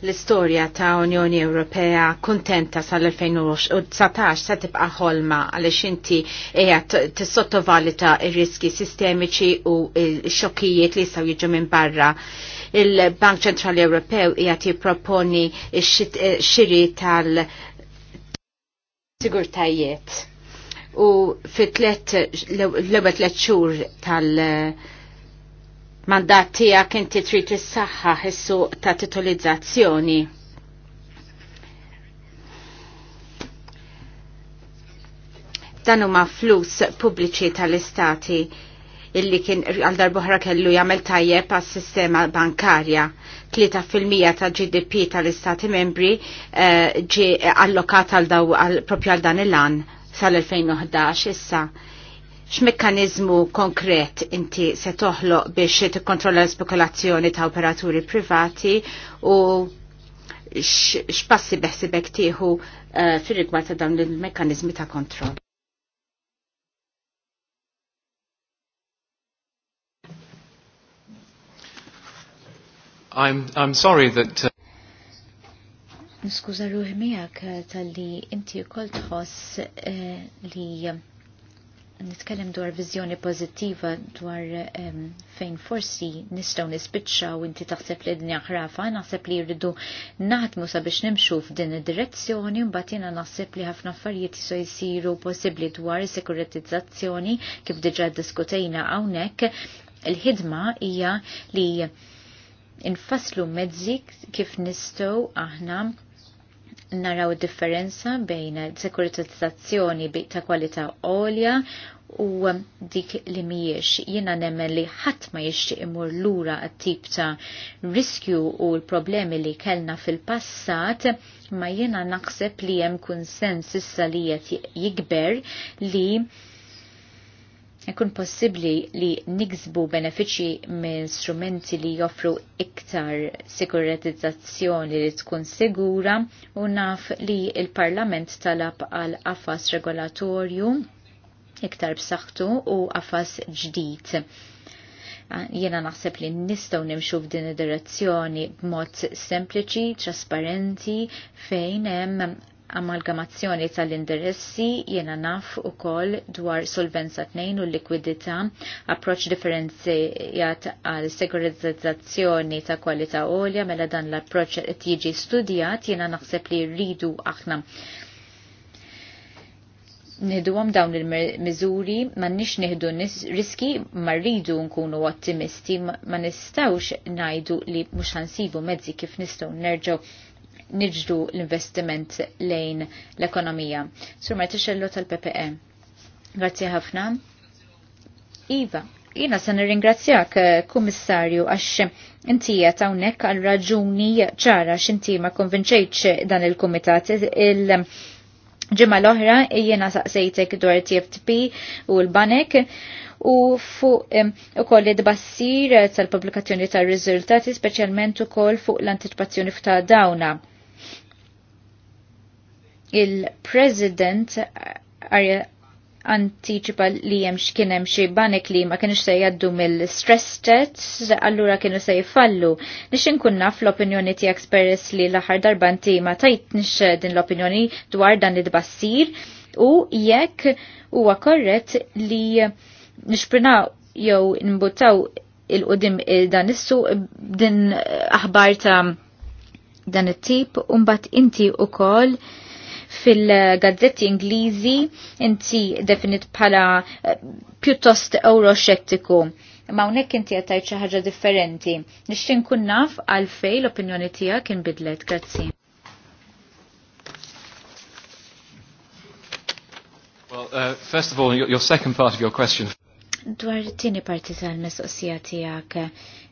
L-istorja ta' Unjoni Ewropea kontenta sal-2019 se tibqa' ħolma għaliex inti eja tissottovalita r-riski sistemiċi u l xokkijiet li jistgħu jiġu minn barra il-Bank Ċentrali Ewropew jgħat jipproponi eh, xiri tal sigurtajiet u fit-tlet l-ewwel tliet xhur tal- eh, mandat tiegħek inti trid issaħħaħ is-suq ta' titolizzazzjoni. dan huma flus pubbliċi tal-istati illi kien għal darbohra kellu jagħmel tajjeb għas sistema bankarja. 3% ta' GDP tal-Istati membri eh, ġi uh, allokat għal daw għal propju għal dan il-an sal-2011 issa. X'mekkaniżmu konkret inti se toħloq biex tikkontrolla l-spekulazzjoni ta' operaturi privati u x'passi beħsibek tieħu uh, fir-rigward ta' dawn il-mekkaniżmi ta' kontroll? I'm, I'm sorry that... Uh... Niskuza ruħi miegħek eh, tal-li inti wkoll tħoss eh, li eh, nitkellem dwar viżjoni pozittiva dwar ehm, fejn forsi nistgħu nispiċċaw inti taħseb li dinja ħrafa, naħseb li jridu naħdmu sabiex nimxu f'din id-direzzjoni, mbagħad jiena naħseb li ħafna affarijiet jiso jsiru possibbli dwar sekuritizzazzjoni kif diġà diskutejna hawnhekk. Il-ħidma hija li infaslu mezzi kif nistgħu aħna naraw differenza bejn sekuritizzazzjoni ta' kwalità għolja u dik li miex jiena nemmen li ħadd ma jixtieq imur lura għat-tip ta' riskju u l-problemi li kellna fil-passat ma jiena naħseb li hemm kunsens issa li jikber li jkun possibbli li niksbu benefiċċji minn strumenti li joffru iktar sikuritizzazzjoni li tkun sigura u naf li il-Parlament talab għal affas regolatorju iktar b'saħħtu u affas ġdid ah, jena naħseb li nistaw nimxu f'din id-direzzjoni b'mod sempliċi, trasparenti, fejn hemm amalgamazzjoni tal interessi jiena naf u koll dwar solvenza 2 u likwidità, approċ differenzijat għal sekurizzazzjoni ta' kwalità olja, mela dan l-approċ qed jiġi studjat jiena naħseb li rridu aħna Nihdu għam dawn il-mizuri, ma nix nihdu riski, ma rridu nkunu ottimisti, ma nistawx najdu li mux ħansibu mezzi kif nistaw nerġaw niġdu l-investiment lejn l-ekonomija. Sur Martixello tal-PPE. Grazzi ħafna. Iva, jina se nirringrazzjak eh, kummissarju għax inti għatawnek għal raġuni ċara x'inti ma konvinċejċ dan il-kumitat il ġimma l-oħra jiena saqsejtek dwar TFTP u l-banek u fuq li id-bassir tal-pubblikazzjoni tal-riżultati speċjalment ukoll fuq l-anticipazzjoni f'ta' dawna il-President għarja antiċipa li jem xkien hemm xi banek li ma kienx se jaddu mill-stress tests, allura kienu se jfallu. Nixin inkun naf opinjoni ti eksperis li l-aħħar ti ma ma nix din l-opinjoni dwar dan id-bassir u jekk huwa korrett li nixprina jew nbutaw il-qudim dan issu din aħbar ta' dan it-tip u mbagħad inti u koll fil-gazzetti Ingliżi inti definit bħala eh, pjuttost euroxettiku. Ma hawnhekk inti għattajt xi ħaġa differenti. Nixtieq nkun naf għalfejn l-opinjoni tiegħek inbidlet. Grazzi. Well, uh, first of all, your second part of your question. Dwar tini parti tal-mistoqsija tiegħek,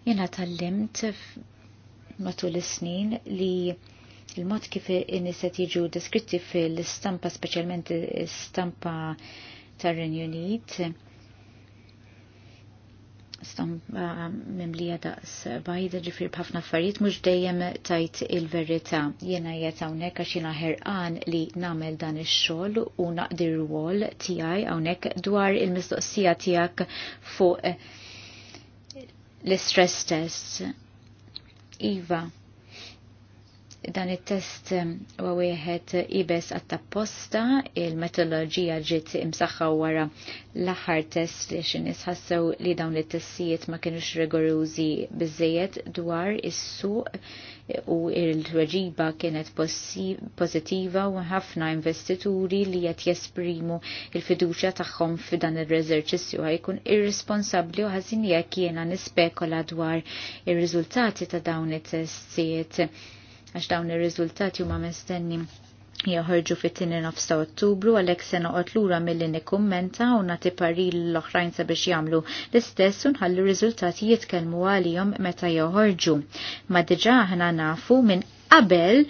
jena tal-limt matul is-snin li Il-mod kif in-niset jiġu deskritti fil-stampa, specialment stampa tar-Renju Unit, stampa mimlija daqs bajda ġifir bħafna affarijiet mhux dejjem tajt il-verità. Jiena jgħet hawnhekk għax jiena ħerqan li nagħmel dan ix-xogħol u naqdir wol tiegħi hawnhekk dwar il-mistoqsija tiegħek fuq l-istress test. Iva, dan it-test um, huwa wieħed ibes għat il metodologija ġiet imsaħħa wara l-aħħar test li x'inhis li dawn it-testijiet ma kinux rigorużi biżejjed dwar is-suq u il reġiba kienet pozitiva u ħafna investituri li qed jesprimu il-fiduċja tagħhom f'dan ir-reżerċizzju għajkun irresponsabbli u ħażin jekk jiena nispekola dwar ir-riżultati ta' dawn it-testijiet għax dawn ir-riżultati huma mistenni joħorġu fit-tini nofsa ottubru għalhekk se noqgħod lura milli nikkummenta u nagħti paril l-oħrajn sabiex jagħmlu l-istess u nħallu riżultati jitkellmu għalihom meta joħorġu. Ma diġà aħna nafu minn qabel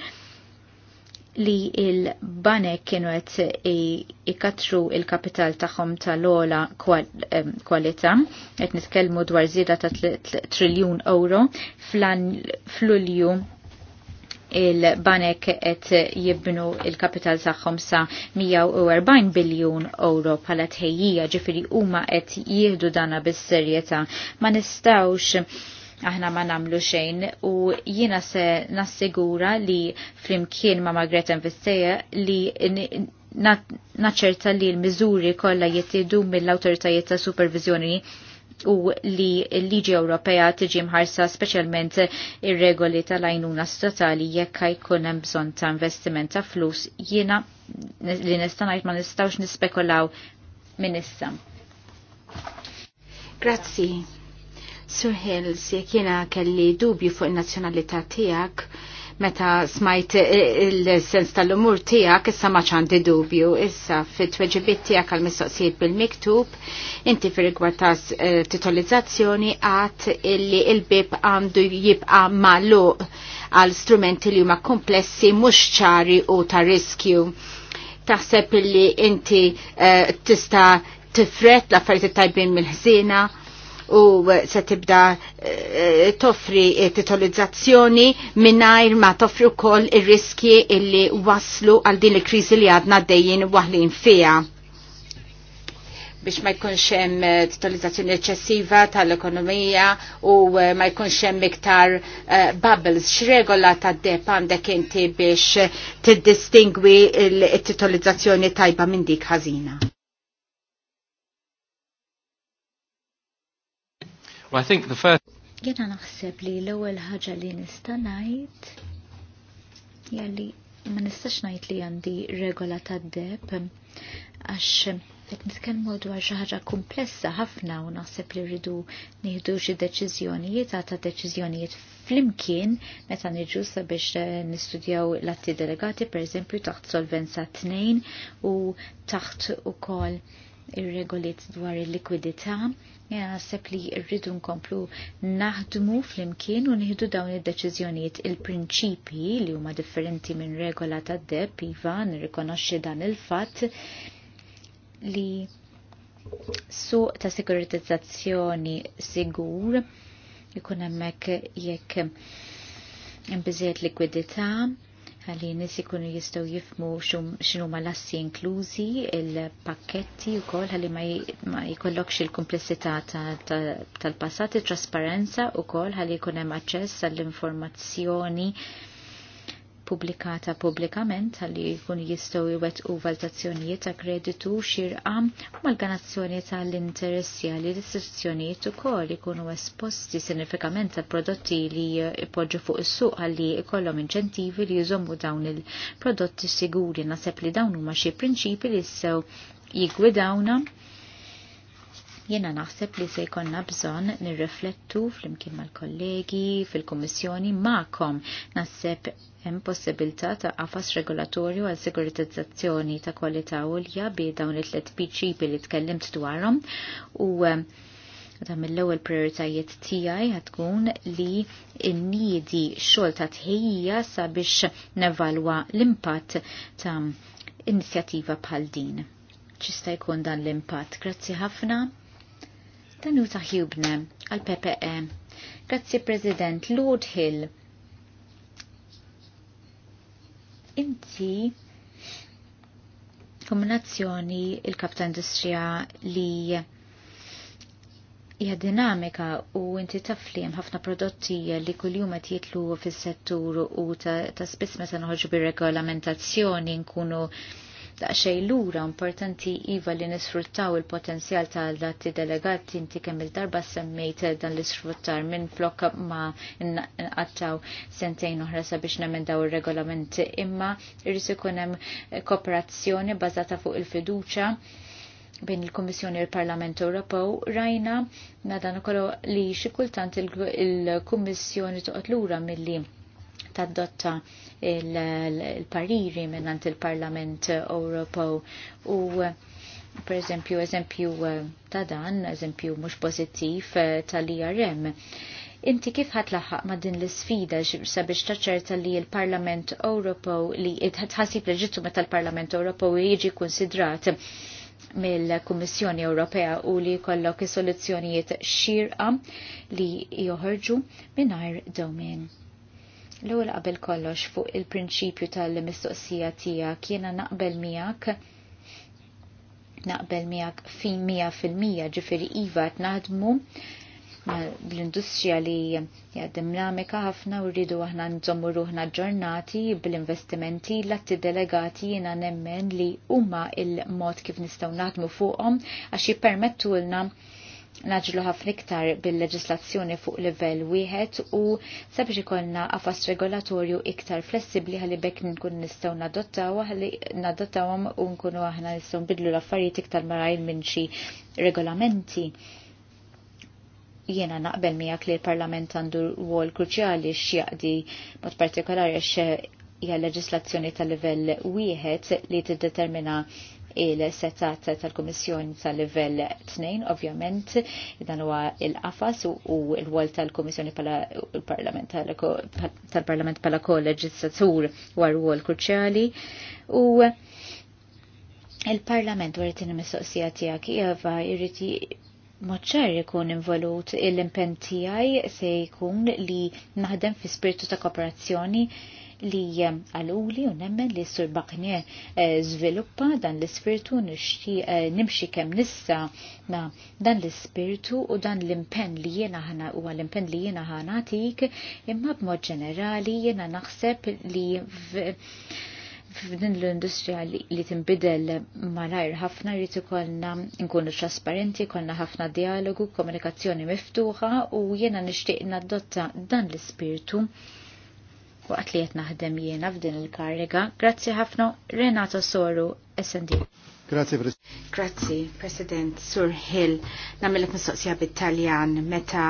li il-banek kienu qed ikatru il-kapital tagħhom tal-ola kwalità qed nitkellmu dwar żieda ta' triljun euro fl-Lulju il-banek qed jibnu il-kapital tagħhom sa 140 biljun euro bħala tħejjija ġifiri huma qed jieħdu dana bis-serjetà. Ma nistgħux aħna ma namlu xejn u jina se nassigura li flimkien ma Margaret Investeja li naċerta li l-mizuri kolla jittidu mill-autoritajiet ta' supervizjoni u li l-liġi Ewropea tiġi mħarsa speċjalment ir-regoli tal-għajnuna statali jekk jkun hemm bżonn ta' investiment ta' flus jiena li nista' ngħid ma nistgħux nispekulaw minn issa. Grazzi. Sir Hills, jekk jiena kelli dubju fuq in-nazzjonalità tiegħek, meta smajt il-sens tal-umur tijak, issa maċandi dubju, issa fit tweġibit tijak għal-mistoqsijiet bil-miktub, inti fi rigwartas eh, titolizzazzjoni għat illi il-bib għandu jibqa malu għal strumenti li huma komplessi mhux ċari u ta' riskju. Taħseb illi inti eh, tista tifret l-affarijiet tajbin mill ħzina u se tibda eh, toffri eh, titolizzazzjoni minnajr ma toffri wkoll ir-riski illi waslu għal din il-kriżi li għadna dejjin waħlin fija biex ma jkunx hemm eh, titolizzazzjoni eċċessiva tal-ekonomija u ma jkunx hemm iktar uh, bubbles. X'regola ta' deb għandek inti biex tiddistingwi t titolizzazzjoni tajba minn dik ħażina? Well, I think the first... Jena naħseb li l-ewwel ħaġa li nista' ngħid jalli ma nistax ngħid li għandi regola tad-deb għax qed nitkellmu dwar xi ħaġa komplessa ħafna u naħseb li rridu nieħdu xi deċiżjonijiet ta' deċiżjonijiet flimkien meta niġu sabiex eh, nistudjaw l-atti delegati pereżempju taħt solvenza tnejn u taħt ukoll ir-regoliet dwar il-likwidità Jena naħseb li rridu nkomplu naħdmu fl-imkien u nieħdu dawn id-deċiżjonijiet il-prinċipi li huma differenti minn regola ta' deb iva nirrikonoxxi dan il-fatt li suq ta' sekuritizzazzjoni sigur ikun hemmhekk jekk hemm biżejjed likwidità għalli nis ikunu jistaw jifmu xinu ma lassi inklużi il-pakketti u kol għalli ma jikollokx il-komplessità tal-passat, trasparenza u kol għalli jikunem aċċess għall-informazzjoni publikata publikament għalli kun jistow jwet u valutazzjonijiet ta' kreditu xirqa mal-ganazzjoni tal-interessi għalli l-istituzzjonijiet u kol jkunu esposti sinifikament ta' prodotti li ipoġġu fuq is-suq għalli ikollhom inċentivi li jżommu dawn il-prodotti siguri naseb li dawn huma xi prinċipi li sew jigwidawna Jiena naħseb li se jkollna bżonn nirriflettu flimkien mal-kollegi fil-kummissjoni ma'kom naħseb hemm possibilità ta' qafas regolatorju għal sigurizzazzjoni ta' kwalità ulja bi dawn it-tliet prinċipi li tkellimt dwarhom u ta' ehm, mill-ewwel prioritajiet tiegħi ħatkun li n-niedi xogħol ta' tħejjija sabiex nevalwa l-impatt ta' inizjattiva bħal din. Ċista jkun dan l-impatt. Grazzi ħafna. Tanuta ħjubna għal PPE. Grazzi President Lord Hill inti kombinazzjoni il-kap ta' industrija li hija dinamika u inti tafli hemm ħafna prodotti li kuljum qed jitlu fis-settur u ta', ta spiss meta noħorġu bir-regolamentazzjoni nkunu daqsxejn lura importanti iva li nisfruttaw il-potenzjal tal-dati delegati inti kemm il-darba semmejt dan l-isfruttar minn flok ma nqattaw sentejn oħra sabiex namendaw ir-regolament imma irrisu ikun hemm kooperazzjoni bazata fuq il-fiduċa bejn il-Kommissjoni il parlament Ewropew rajna nadan ukoll li xi kultant il-Kummissjoni toqgħod lura milli tadotta il-pariri minnant il-Parlament Ewropew u per eżempju eżempju eh, ta' dan, eżempju mhux pożittiv eh, tal-IRM. Inti kif ħat laħħaq ma' din l-sfida sabiex taċċerta li l-Parlament Ewropew li tħassib leġittu meta l-Parlament Ewropew jiġi konsidrat mill-Kummissjoni Ewropea u li kollok soluzzjonijiet xirqa li joħorġu mingħajr dewmien. L-ewwel qabel kollox fuq il-prinċipju tal-mistoqsija tiegħek kiena naqbel miegħek naqbel miegħek fin mija fil-mija ġifieri iva qed naħdmu bl-industrija li dinamika ħafna u rridu aħna nżommu ruħna ġornati bl-investimenti l-atti delegati jiena nemmen li huma il-mod kif nistgħu naħdmu fuqhom għax jippermettu naġlu ħafna iktar bil-leġislazzjoni fuq livell wieħed u sabiex ikollna qafas regolatorju iktar flessibbli ħalli bekk nkun nistgħu nadottaw ħalli nadottawhom u nkunu aħna nistgħu nbidlu l-affarijiet iktar marajl minn xi regolamenti. Jiena naqbel miegħek li l-Parlament għandu rwol kruċjali x'jaqdi mod partikolari x leġislazzjoni tal-livell wieħed li tiddetermina il-setat tal-Komissjoni tal-livell 2, ovvjament, dan huwa il-qafas u il-wol tal-Komissjoni tal-Parlament pala kol-leġizzatur u wol kruċjali. U il-Parlament għarret mis mistoqsija tijak, jgħava jirriti Maċċar ikun involut il-impen tijaj se jkun li naħdem fi spiritu ta' kooperazzjoni li għaluli u nemmen li Sur Bakne eh, zviluppa dan l-ispirtu eh, nimxi kem nissa ma dan l-ispirtu u dan l-impen li jena ħana u għal impen li jena ħana tik imma b'mod ġenerali jena naħseb li f'din l-industrija li timbidel malajr ħafna jrid ikollna nkunu trasparenti, kolna ħafna dialogu, komunikazzjoni miftuħa u jiena nixtieq nadotta dan l-ispirtu waqt li naħdem jiena f'din il-kariga. Grazzi ħafna Renato Soru, SND. Grazie, President. Grazie, President. Sur Hill, namillek mistoqsija bit-Taljan meta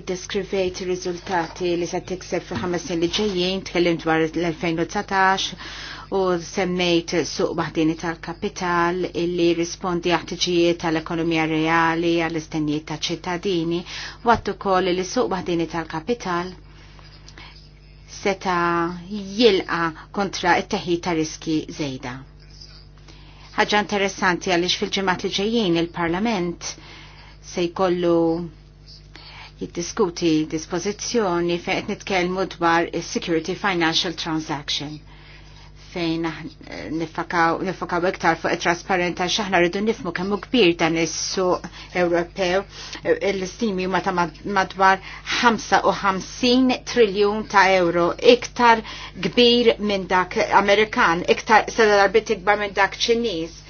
id-deskrivejt il-rizultati li se tikseb fil ħames li ġejjin, tkellimt dwar l-2019 u semmejt suq waħdini tal-kapital illi rispondi ħtiġijiet tal-ekonomija reali għall-istennijiet ta' ċittadini, wattu koll li suq waħdini tal-kapital seta jilqa kontra it-teħi ta' riski zejda. Ħaġa interessanti għaliex fil-ġimgħat li ġejjin il-Parlament se jkollu jiddiskuti dispożizzjoni fejn qed nitkellmu dwar is-Security Financial Transaction fejn nifakaw iktar fuq it-trasparenta xaħna rridu nifmu kemm kbir dan is-suq Ewropew l-istimi huma ta' madwar 55 triljun ta' euro iktar kbir minn dak Amerikan, iktar sada darbit ikbar minn dak Ċiniż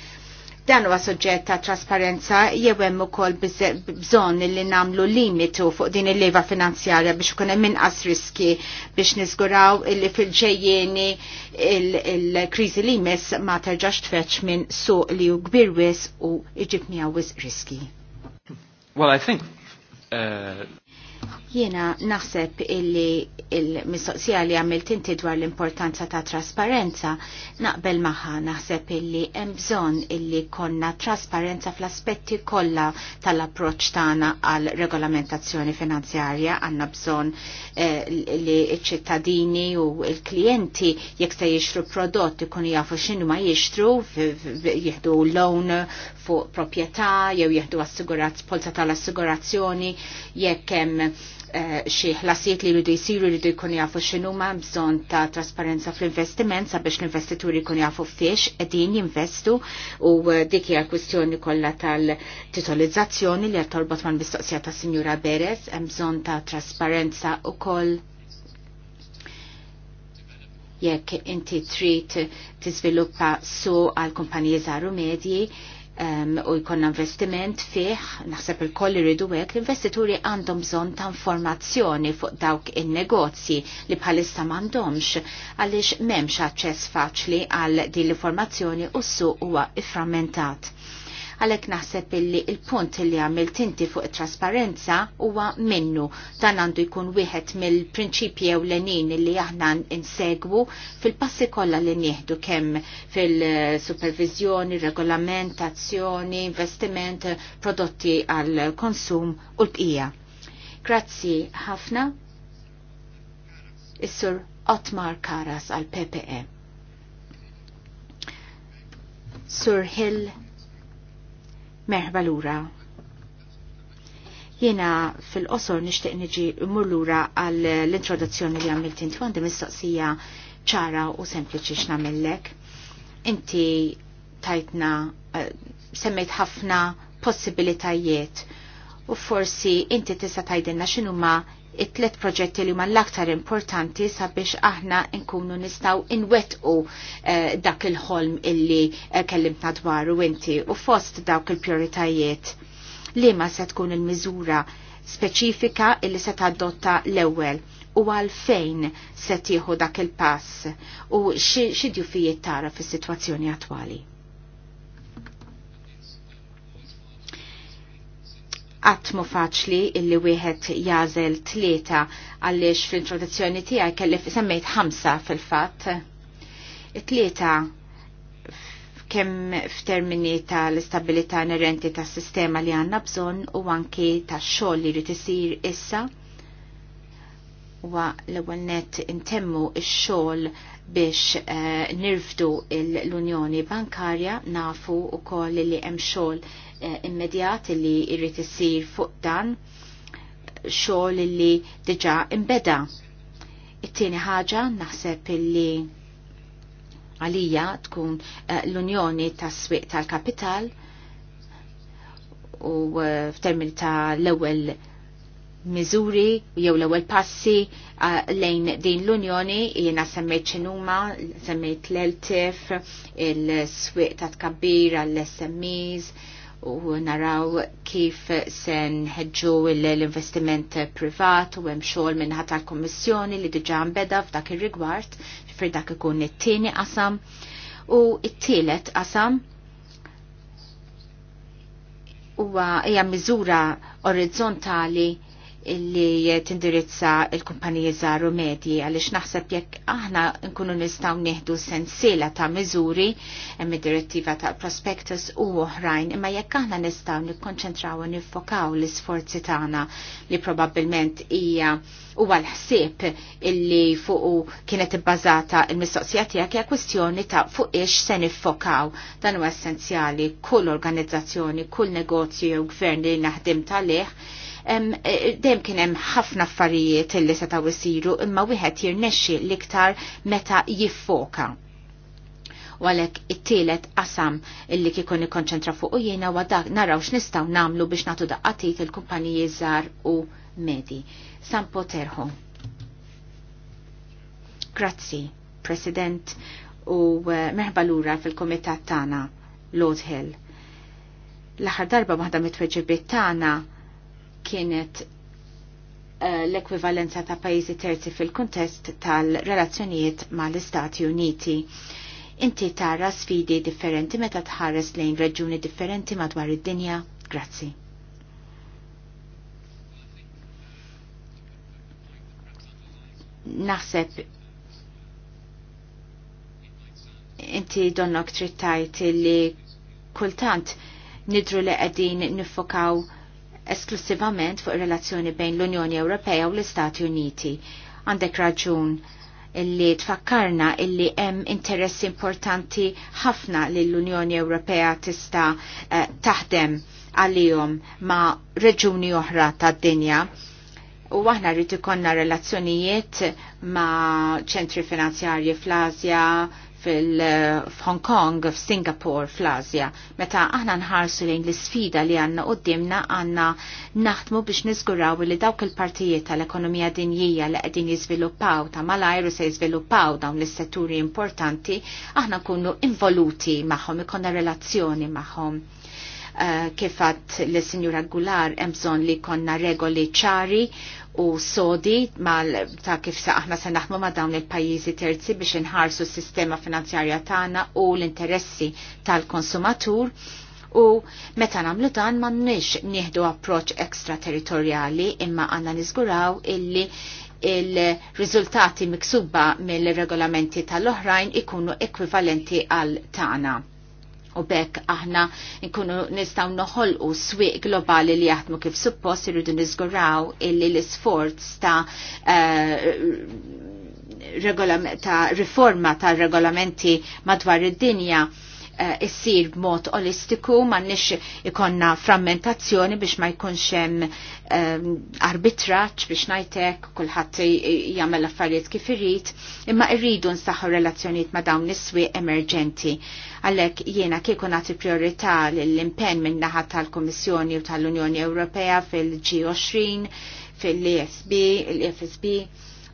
Dan huwa suġġett ta' trasparenza jew hemm ukoll bżonn li nagħmlu limitu fuq din il-leva finanzjarja biex ikun hemm inqas riski biex niżguraw illi fil ġejjieni il-kriżi li jmiss ma terġax tfetx minn suq li hu kbir wis u jġib miegħu riski. Well, I think uh... Jena naħseb illi il-mistoqsija li għamilt inti dwar l-importanza ta' trasparenza, naqbel maħħa naħseb illi hemm bżonn illi konna trasparenza fl-aspetti kollha tal-approċċ tagħna għal regolamentazzjoni finanzjarja, għandna bżonn eh, li ċ-ċittadini u l-klijenti jekk se jixtru prodott ikun jafu x'inhu ma jixtru, jieħdu loan fuq proprjetà jew jieħdu assigur polza tal-assigurazzjoni jekk hemm Eh, xi ħlasijiet li rridu jsiru jridu jkun jafu x'inhuma bżonn ta' trasparenza fl-investiment sabiex l-investituri jkun jafu fiex qegħdin jinvestu u eh, dik hija kwistjoni kollha tal-titolizzazzjoni li qed torbot mal-mistoqsija ta' Signora Beres hemm bżonn ta' trasparenza koll jekk inti trid tiżviluppa su għal kumpaniji żgħar medji um, u jkonna investiment fih, naħseb il-koll irridu hekk, l-investituri għandhom bżonn ta' informazzjoni fuq dawk in-negozji li bħalissa m'għandhomx għaliex m'hemmx aċċess faċli għal din l-informazzjoni u s-suq huwa ifframmentat għalhekk naħseb illi il-punt li għamilt inti fuq it-trasparenza huwa minnu dan għandu jkun wieħed mill-prinċipji ewlenin li aħna insegwu fil-passi kollha li nieħdu kemm fil-supervizjoni, regolamentazzjoni, investiment, prodotti għal konsum u l-bqija. Grazzi ħafna. Is-sur Otmar Karas għal PPE. Sur Hill Merħba lura. Jena fil-qosor nishtiq niġi immur lura għal l-introduzzjoni li għamilt inti għandi mistoqsija ċara u sempliċi x'namillek. Inti tajtna eh, semmejt ħafna possibilitajiet u forsi inti tista' xinu x'inhuma it-tlet proġetti li huma l-aktar importanti sabiex aħna nkunu nistaw inwetqu eh, dak il-ħolm illi eh, kellimna dwaru inti u fost dawk il-prioritajiet. ma se tkun il-miżura speċifika illi se tadotta l-ewwel u għalfejn se tieħu dak il-pass u xi djufijiet tara fis-sitwazzjoni attwali. għatmu faċli illi wieħed jażel tlieta għaliex fl-introduzzjoni tiegħi kelli semmejt ħamsa fil-fatt. Tlieta kemm f'termini tal-istabilità inerenti tas-sistema li għandna bżonn u anke tax-xogħol li jrid isir issa wa l-ewwel nett intemmu x-xogħol biex eh, nirfdu l-Unjoni Bankarja nafu u koll li hemm xogħol eh, immedjat li jrid isir fuq dan xogħol li diġà imbeda. It-tieni ħaġa naħseb li għalija tkun eh, l-Unjoni tas-swieq tal-kapital u eh, f'termin ta' l-ewwel miżuri jew l-ewwel passi uh, lejn din l-Unjoni jiena semmejt x'inhuma, semmejt l eltif il-swieq ta' tkabbir għall-SMEs u naraw kif se nħeġġu l-investiment privat u hemm xogħol minnaħa tal kummissjoni li diġà nbeda f'dak ir-rigward, fir dak ikun it-tieni qasam u it-tielet qasam huwa hija miżura orizzontali Illi tindirizza il-kumpaniji żaru medji għaliex naħseb jekk aħna nkunu nistgħu nieħdu sensiela ta' miżuri hemm direttiva ta' prospectus u oħrajn, imma jekk aħna nistgħu nikkonċentraw u niffokaw l-isforzi tagħna li probabbilment hija huwa l-ħsieb illi fuq kienet ibbażata il-mistoqsija tiegħek hija kwestjoni ta' fuq ix se niffokaw. Dan huwa essenzjali kull organizzazzjoni, kull negozju jew gvern li naħdim talih dem eh, kien hemm ħafna affarijiet li setgħu jsiru imma wieħed jirnexxi l-iktar meta jiffoka u għalhekk it-tielet qasam illi kikun ikkonċentra fuq u jiena wa dak naraw x'nistgħu nagħmlu biex nagħtu daqqatit il-kumpaniji żgħar u medi. Sampo Terho. Grazzi, President, u eh, merħba lura fil-komitat tagħna Lord Hill. L-aħħar darba waħda mit-tweġibiet tagħna kienet eh, l-ekwivalenza ta' pajjiżi terzi fil-kuntest tal-relazzjonijiet mal-Istati Uniti. Inti tara sfidi differenti meta tħares lejn reġuni differenti madwar id-dinja. Grazzi. Naħseb inti donnok trittajt li kultant nidru li qegħdin nifokaw esklusivament fuq relazzjoni bejn l-Unjoni Ewropea u l-Istati Uniti. Għandek raġun illi tfakkarna illi hemm interess importanti ħafna li l-Unjoni Ewropea tista eh, taħdem għalihom ma' reġuni oħra tad-dinja. U aħna rrid ikollna relazzjonijiet ma' ċentri finanzjarji fl-Asja, fil-Hong eh, Kong, f-Singapore, fl-Azja. Meta aħna nħarsu lejn l-sfida li għanna dimna għanna naħdmu biex nizguraw li dawk il-partijiet tal-ekonomija dinjija li qegħdin jiżviluppaw ta' malajru se jizviluppaw dawn l-setturi importanti, aħna nkunu involuti magħhom, ikonna relazzjoni magħhom. Uh, eh, kifat l-Sinjura Gular emżon li konna regoli ċari u sodi mal ta' kif sa' aħna se naħmu ma' dawn il-pajjiżi terzi biex inħarsu s-sistema finanzjarja tagħna u l-interessi tal-konsumatur u meta nagħmlu dan m'għandniex nieħdu approċċ ekstraterritorjali imma għandna niżguraw illi il-riżultati miksuba mill-regolamenti tal-oħrajn ikunu ekvivalenti għal tagħna. U bekk aħna nkunu nistaw noħolqu swieq globali li jaħdmu kif suppost irridu niżguraw illi l-isforz ta' uh, ta' riforma ta' regolamenti madwar id-dinja Eh, issir b'mod olistiku, ma nix ikonna frammentazzjoni biex ma jkunx hemm ehm, arbitraċ biex najtek kulħadd jagħmel affarijiet kif irid, imma rridu nsaħħu relazzjonijiet ma' dawn is-swieq emerġenti. Għalhekk jiena kieku nagħti priorità l-impenn minn naħa tal-Kummissjoni u tal-Unjoni Ewropea fil-G20, fil-ESB, l-FSB,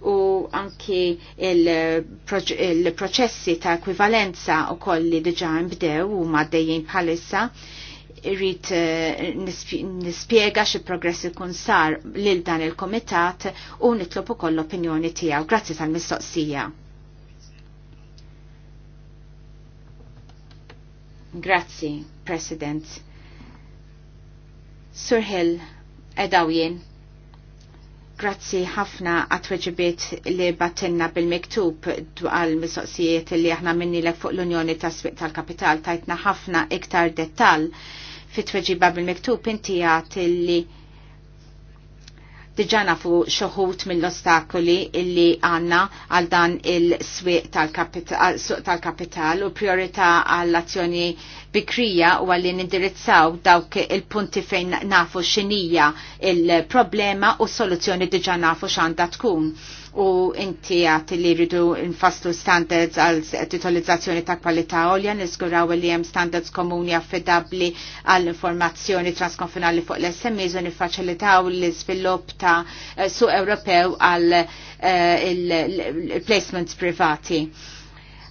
u anki il-proċessi ta' ekvivalenza u koll li diġa mbdew u maddejjien bħalissa irrit eh, nispiega xie progressi kun sar lil dan il-komitat u nitlob ukoll l-opinjoni tiegħu. Grazzi tal-mistoqsija. Grazzi, President. Sir Hill, edawjen. jien Grazzi ħafna għat li battenna bil-miktub għal mistoqsijiet li aħna minni l fuq l-Unjoni ta' Swiq tal-Kapital tajtna ħafna iktar dettal fit tweġiba bil-miktub inti għat li diġana nafu xoħut mill-ostakoli illi għanna għal dan il-swiq tal-kapital u priorita għall-azzjoni bikrija u għalli nindirizzaw dawk il-punti fejn nafu xinija il-problema u soluzzjoni diġana nafu xanda tkun u inti għati li rridu infastu standards għal titolizzazzjoni ta' kwalità olja nisguraw li hemm standards komuni affidabbli għall informazzjoni transkonfinali fuq l-SMEs u niffaċilitaw l-iżvilupp ta' suq Ewropew għal eh, il-placements privati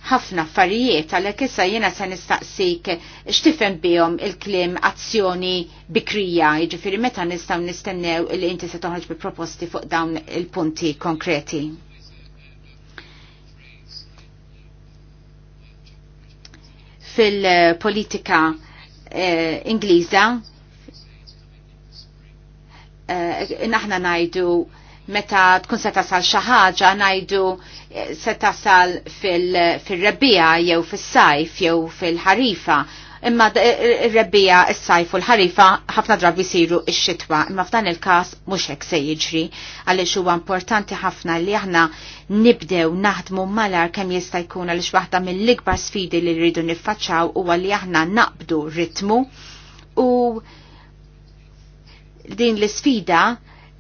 ħafna affarijiet għalhekk issa jiena se nistaqsik x'tifhem bihom il-kliem azzjoni bikrija, jiġifieri meta nistgħu nistennew li inti se toħroġ bi proposti fuq dawn il-punti konkreti. Fil-politika eh, Ingliża eh, naħna najdu meta tkun se tasal xi ħaġa ngħidu eh, se tasal fil-rebbija fil jew fis-sajf jew fil-ħarifa. Imma eh, eh, r rebbija s-sajf u l-ħarifa ħafna drabi jsiru x-xitwa, imma f'dan il-każ mhux hekk se jiġri għaliex huwa importanti ħafna li aħna nibdew naħdmu malar kemm jista' jkun għaliex waħda mill-ikbar sfidi li rridu niffaċċaw huwa li aħna naqbdu ritmu u din l-sfida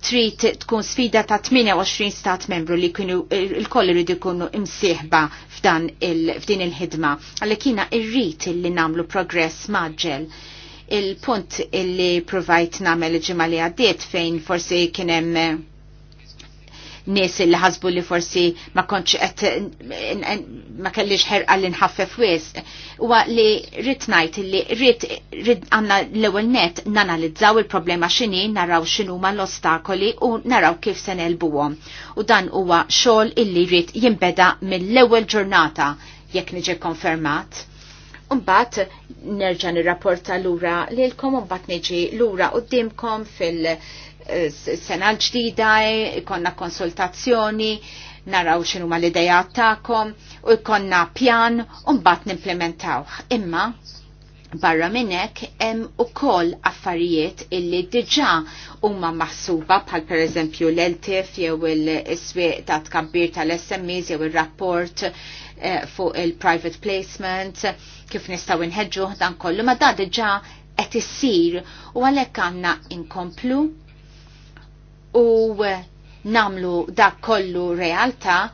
trid tkun sfida ta' 28 stat membru li kienu il-koll irid jkunu imsieħba f'dan f'din il-ħidma. Għalli kiena irrit li namlu progress maġġel. Il-punt illi provajt namel ġimali li għaddiet fejn forsi kienem nies li ħasbu li forsi ma konċi għet ma kellix ħerqa li nħaffef wisq. Huwa li rrid najt li rrid għanna l-ewwel net nanalizzaw il-problema xini naraw x'inhuma l-ostakoli u naraw kif se nelbuhom. U dan huwa xogħol illi rrit jinbeda mill-ewwel ġurnata jekk niġi konfermat. Umbat nerġa nirrapporta l-ura lilkom, umbat neġi l-ura qoddimkom fil- sena l-ġdida, ikonna konsultazzjoni, naraw xinu ma l-ideja ta'kom, u ikonna pjan, un-bat nimplementaw. Imma, barra minnek, em u kol affarijiet illi diġa ma maħsuba bħal per eżempju l-LTF jew il-swieq ta' tkabbir tal-SMEs jew il-rapport eh, fuq il-private placement, kif nistaw inħedġu dan kollu, ma da diġa qed issir u għalhekk għandna inkomplu u namlu dak kollu realtà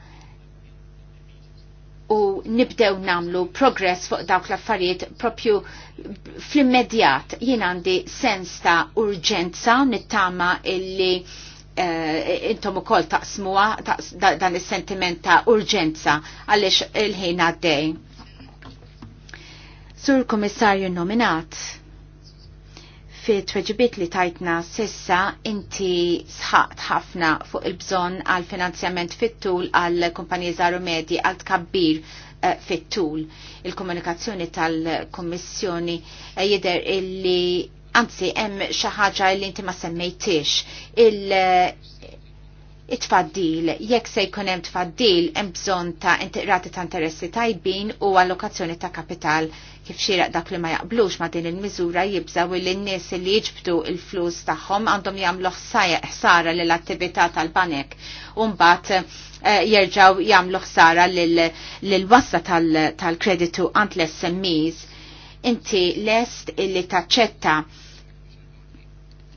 u nibdew namlu progress fuq dawk l-affarijiet propju fl-immedjat jien għandi sens ta' urġenza nittama illi uh, intom ukoll taqsmuha taqs, da, dan is-sentiment ta' urġenza għaliex il-ħin għaddej. Sur Komissarju nominat, fi tweġibit li tajtna sissa inti sħaqt ħafna fuq il-bżon għal finanzjament fit-tul għal kumpaniji Zaru medji għal tkabbir eh, fit-tul. Il-komunikazzjoni tal-Kommissjoni eh, jider illi Anzi, hemm xi ħaġa li inti ma semmejtix it-tfaddil, jekk se jkun hemm tfaddil hemm bżonn ta' intiqrati ta' interessi tajbin u allokazzjoni ta' kapital kif xieraq dak li ma jaqblux ma' din il-miżura jibżaw li n-nies li jġbdu il-flus tagħhom għandhom jagħmlu ħsara lil attività tal-banek u mbagħad eh, jerġgħu jagħmlu ħsara lil wassa tal-kreditu għand l-SMEs. Inti lest illi taċċetta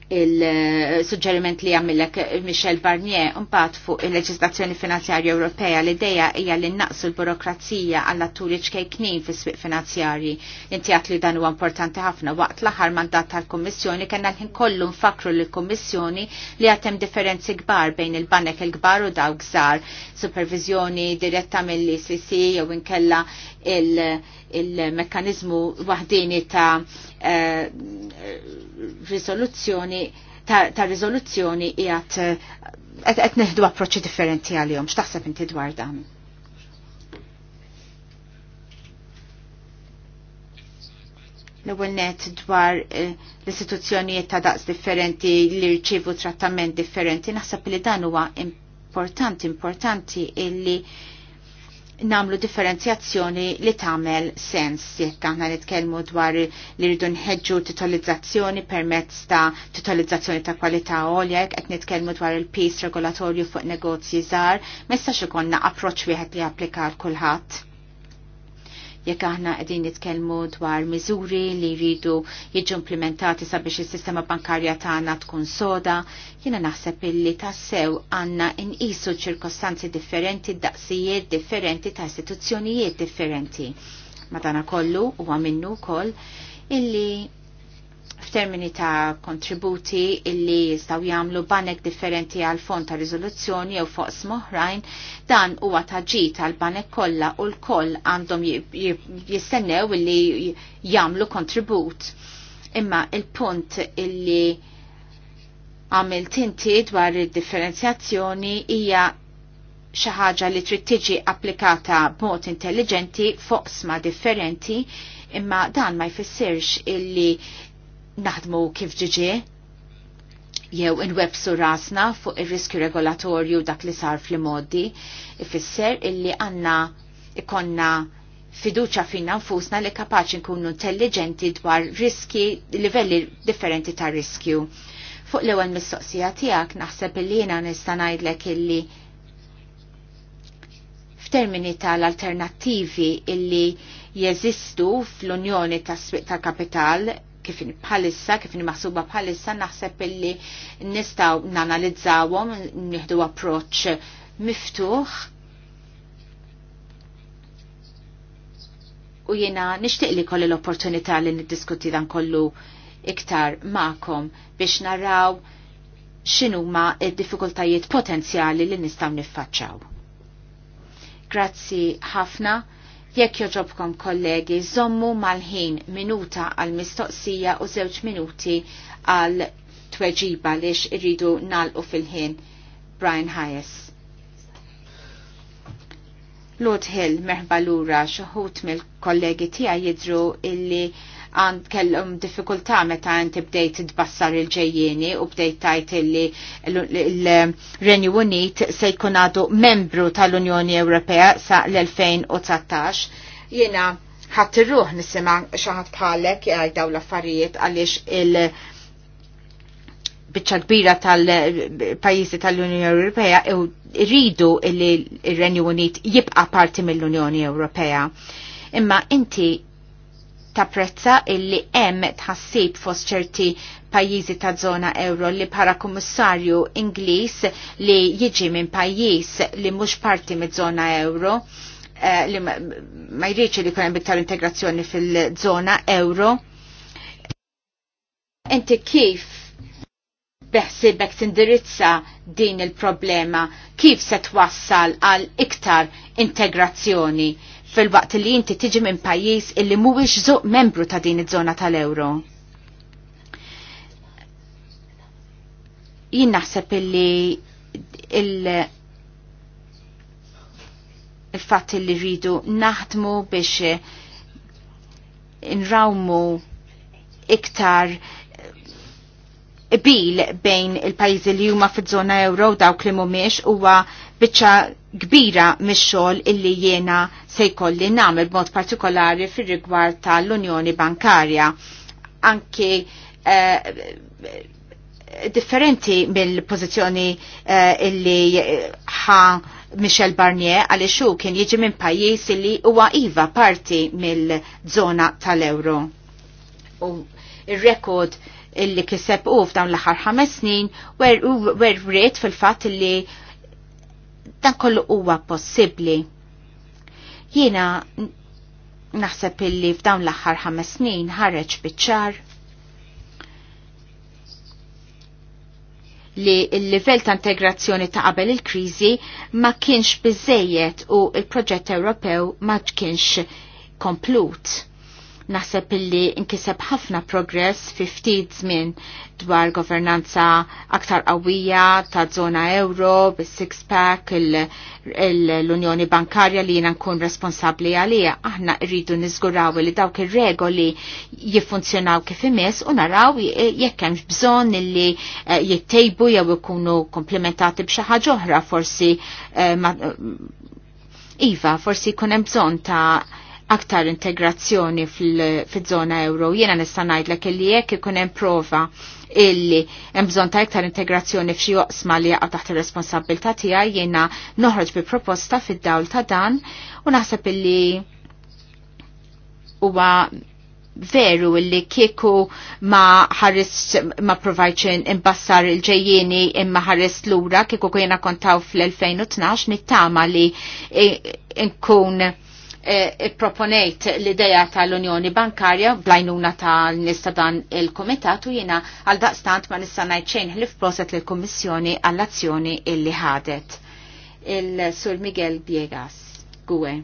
il-suġġeriment li għamillek Michel Barnier unbat fuq il-leġislazzjoni finanzjarja Ewropea l ideja hija li naqsu l-burokrazija għall atturi ċkejknin fis sbiq finanzjarji. Inti li dan huwa importanti ħafna waqt l-aħħar mandat tal-Kummissjoni kellna l-ħin kollu nfakru lill-Kummissjoni li għatem differenzi kbar bejn il-banek il-kbar u daw gżar, supervizjoni diretta mill-ICC jew inkella il-mekkanizmu il wahdini ta' eh, risoluzzjoni ta', ta rizoluzzjoni jgħat eh, qed neħdu approċċi differenti għal-jom. X'taħseb inti dwar dan? l-ewwel net dwar eh, l-istituzzjonijiet ta' daqs differenti li rċivu trattament differenti, naħseb li dan huwa importanti, importanti illi namlu differenzjazzjoni li tamel sens jekk aħna nitkellmu dwar li rridu nħeġġu titolizzazzjoni permezz ta' titolizzazzjoni ta' kwalità olja, jekk qed nitkellmu dwar il-peace regolatorju fuq negozji żgħar ma jistax ikollna approċċ wieħed li applika għal kulħadd jekk aħna qegħdin nitkellmu dwar miżuri li jridu jiġu implementati sabiex is-sistema bankarja tagħna tkun soda, jiena naħseb illi tassew għandna inqisu ċirkostanzi differenti, daqsijiet differenti ta' istituzzjonijiet differenti. Madana kollu huwa minnu wkoll illi f'termini ta' kontributi illi jistaw jamlu banek differenti għal fond ta' rizoluzzjoni jew fuq smoħrajn dan huwa ta' ġit għal banek kollha u l-koll għandhom jistennew illi jamlu kontribut. Imma il-punt illi għamilt inti dwar id-differenzjazzjoni hija xi ħaġa li trid tiġi applikata b'mod intelligenti fuq sma differenti imma dan ma jfissirx illi naħdmu kif ġiġi, jew inwebsu rasna fuq ir-riskju regolatorju dak li sar fl-modi, ifisser illi għanna ikonna fiduċa finna nfusna li kapaċi nkunu intelligenti dwar riski, livelli differenti ta' riskju. Fuq l ewwel mistoqsija tiegħek naħseb illi jiena nista' ngħidlek illi f'termini tal-alternattivi illi jeżistu fl-Unjoni tas-Swieq tal-Kapital kif bħalissa, kif maħsuba bħalissa, naħseb illi nistaw nanalizzawhom, nieħdu approċċ miftuħ. U jiena nixtieq li kolli l-opportunità li niddiskuti dan kollu iktar ma'kom biex naraw x'inhuma d-diffikultajiet potenzjali li nistgħu niffaċċaw. Grazzi ħafna Jekk joġobkom kollegi, zommu mal-ħin minuta għal-mistoqsija u żewġ minuti għal-tweġiba lix irridu nalqu fil-ħin. Brian Hayes. Lord Hill merħba lura xoħut mill-kollegi tija jidru illi għand kellhom diffikultà meta inti bdejt tbassar il-ġejjieni u bdejt tajt li l-Renju Unit se jkun għadu membru tal-Unjoni Ewropea sa l-2019. Jiena ħadd irruħ nisimgħa xaħat bħalek jgħidaw l-affarijiet għaliex il- biċċa kbira tal pajjiżi tal-Unjoni Ewropea irridu li r-Renju Unit jibqa parti mill-Unjoni Ewropea. Imma inti tapprezza illi hemm tħassib fost ċerti pajjiżi ta' zona euro li para kummissarju Ingliż li jiġi minn pajjiż li mhux parti mid-żona euro eh, li ma jriċi li kunem bittar integrazzjoni fil-żona euro. Inti kif beħsibek tindirizza din il-problema kif se twassal għal iktar integrazzjoni fil-waqt li inti tiġi minn pajjiż illi mhuwiex żuq membru ta' din iż-żona tal ewro Jien naħseb illi il- il-fatt li rridu naħdmu biex nrawmu iktar bil bejn il-pajzi li huma fiż-żona euro dawk li mhumiex huwa biċċa kbira mix-xogħol illi jiena se jkolli nagħmel b'mod partikolari fir-rigward tal-Unjoni Bankarja. Anki eh, differenti mill-pożizzjoni eh, illi ħa Michel Barnier għal xu kien jiġi minn pajjiż illi huwa iva parti mill-żona tal-euro. U ir-rekord illi kiseb u f'dawn l-aħħar ħames snin wer, wer, wer fil-fatt illi dan kollu huwa possibbli. Jiena naħseb illi f'dawn l-aħħar ħames snin ħareġ biċ-ċar li l-livell ta' integrazzjoni ta' qabel il-kriżi ma kienx biżejjed u il-proġett Ewropew ma kienx komplut. Naħseb illi inkiseb ħafna progress fi ftit żmien dwar governanza aktar qawwija ta' zona euro, bis-six pack, l-Unjoni Bankarja li jiena nkun responsabbli għalija. Aħna rridu niżguraw li dawk ir-regoli jiffunzjonaw kif imiss u naraw jekk hemm bżonn illi eh, jittejbu jew ikunu komplementati b'xi ħaġa oħra forsi eh, Iva, forsi kunem hemm bżonn ta' aktar integrazzjoni fil-żona euro. Jiena nista' ngħidlek illi jekk ikun hemm prova illi hemm bżonn ta' iktar integrazzjoni f'xi oqsma li jaqa' taħt ir-responsabilità tiegħi jiena noħroġ bi proposta fid-dawl ta' dan u naħseb illi huwa veru illi kieku ma ħarist ma provajċin imbassar il ġejjini imma ħarist lura kieku kujena kontaw fl-2012 nittama li nkun Eh, proponejt l-ideja tal-Unjoni Bankarja blajnuna tal-nista dan il komitatu u jina għal daqstant ma nista najċejn li proset l-Kommissjoni għall-azzjoni illi ħadet. Il-Sur Miguel Biegas, Gwe.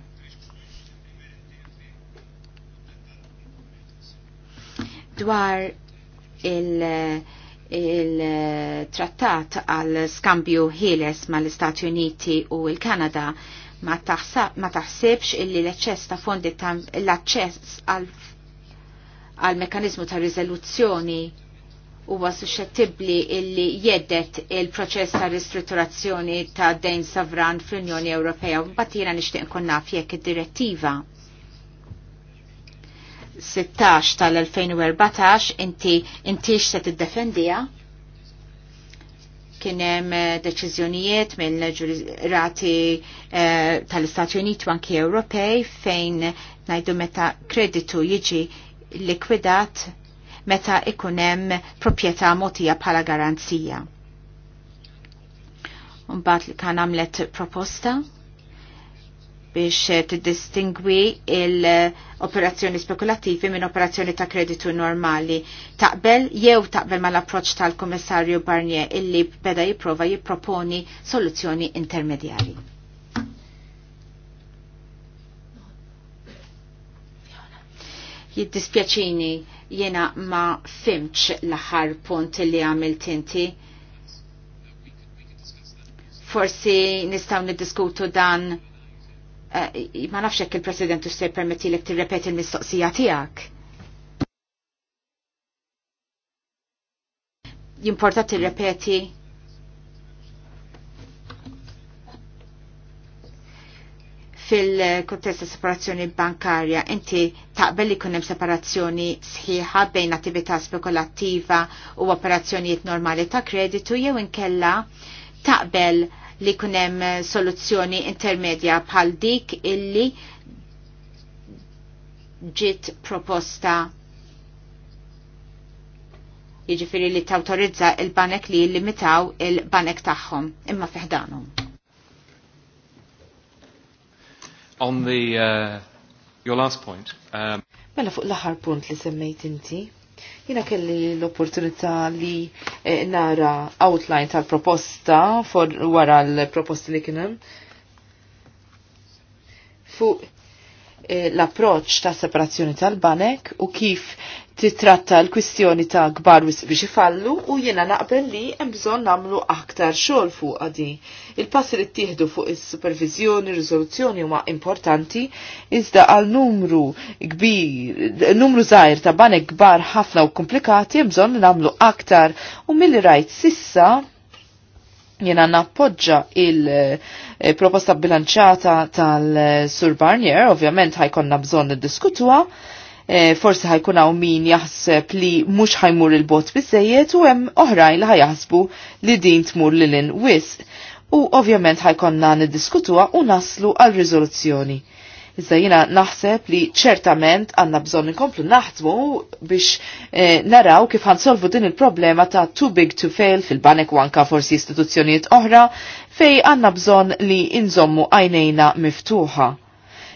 Dwar il- il-trattat għal skambju ħieles mal istati Uniti u il-Kanada ma taħsebx illi l-eċċess ta' fondi l-aċċess għal mekanizmu ta' riżoluzzjoni huwa suscettibbli illi jeddet il-proċess ta' ristrutturazzjoni ta' dejn sovran fl-Unjoni Ewropea u mbagħad jiena nixtieq nkun naf jekk id-direttiva 16 tal-2014 inti intix se tiddefendija? defendija kienem eh, deċizjonijiet mill ġurati eh, tal-Istati Uniti u anki Ewropej fejn najdu meta kreditu jiġi likwidat meta ikunem proprjetà motija bħala garanzija. Mbagħad kan għamlet proposta biex eh, tiddistingwi l operazzjoni spekulativi minn operazzjoni ta' kreditu normali. Taqbel jew taqbel mal-approċ tal-Kummissarju Barnier illi beda jipprova jipproponi soluzzjoni intermedjari. Jiddispjaċini jena ma fimċ l-ħar punt li għamilt inti forsi nistaw niddiskutu dan Eh, ma nafx hekk il-President se jippermettilek tirrepeti l-mistoqsija tiegħek. Jimporta tirrepeti fil-kontest ta' separazzjoni bankarja, inti taqbel li kunem separazzjoni sħiħa bejn attività spekulattiva u operazzjonijiet normali ta' kreditu jew inkella taqbel li kunem soluzzjoni intermedja bħal dik illi ġit proposta jiġifiri li tawtorizza il-banek li limitaw il-banek tagħhom imma fiħdanum. On the uh, your last point. Um... Mela fuq l-aħħar punt li semmejt inti, Jina kelli l-opportunità li eh, nara outline tal-proposta wara l-proposta li kienem fuq Eh, l-approċ ta' separazzjoni tal-banek u kif titratta l-kwistjoni ta' gbar biex ifallu u jiena naqbel li hemm bżonn nagħmlu aktar xogħol fuq għadi. Il-passi li ttieħdu fuq is-supervizjoni, riżoluzzjoni huma importanti iżda għal numru kbir, numru żgħir ta' banek kbar ħafna u komplikati hemm bżonn nagħmlu aktar u milli rajt sissa jena nappoġġa il-proposta eh, bilanċata tal-Sur Barnier, ovvjament ħajkonna bżon diskutuha, eh, forsi ħajkun hawn min jaħseb li mhux ħajmur il-bot biżejjed u hemm oħrajn li ħajaħsbu li din tmur lil inwis. U ovvjament ħajkonna niddiskutuha u naslu għal riżoluzzjoni. Iżda jina naħseb li ċertament għanna bżon inkomplu naħdmu biex eh, naraw kif ħansolvu din il-problema ta' too big to fail fil-banek u anka forsi istituzzjonijiet oħra fej għanna bżon li inżommu għajnejna miftuħa.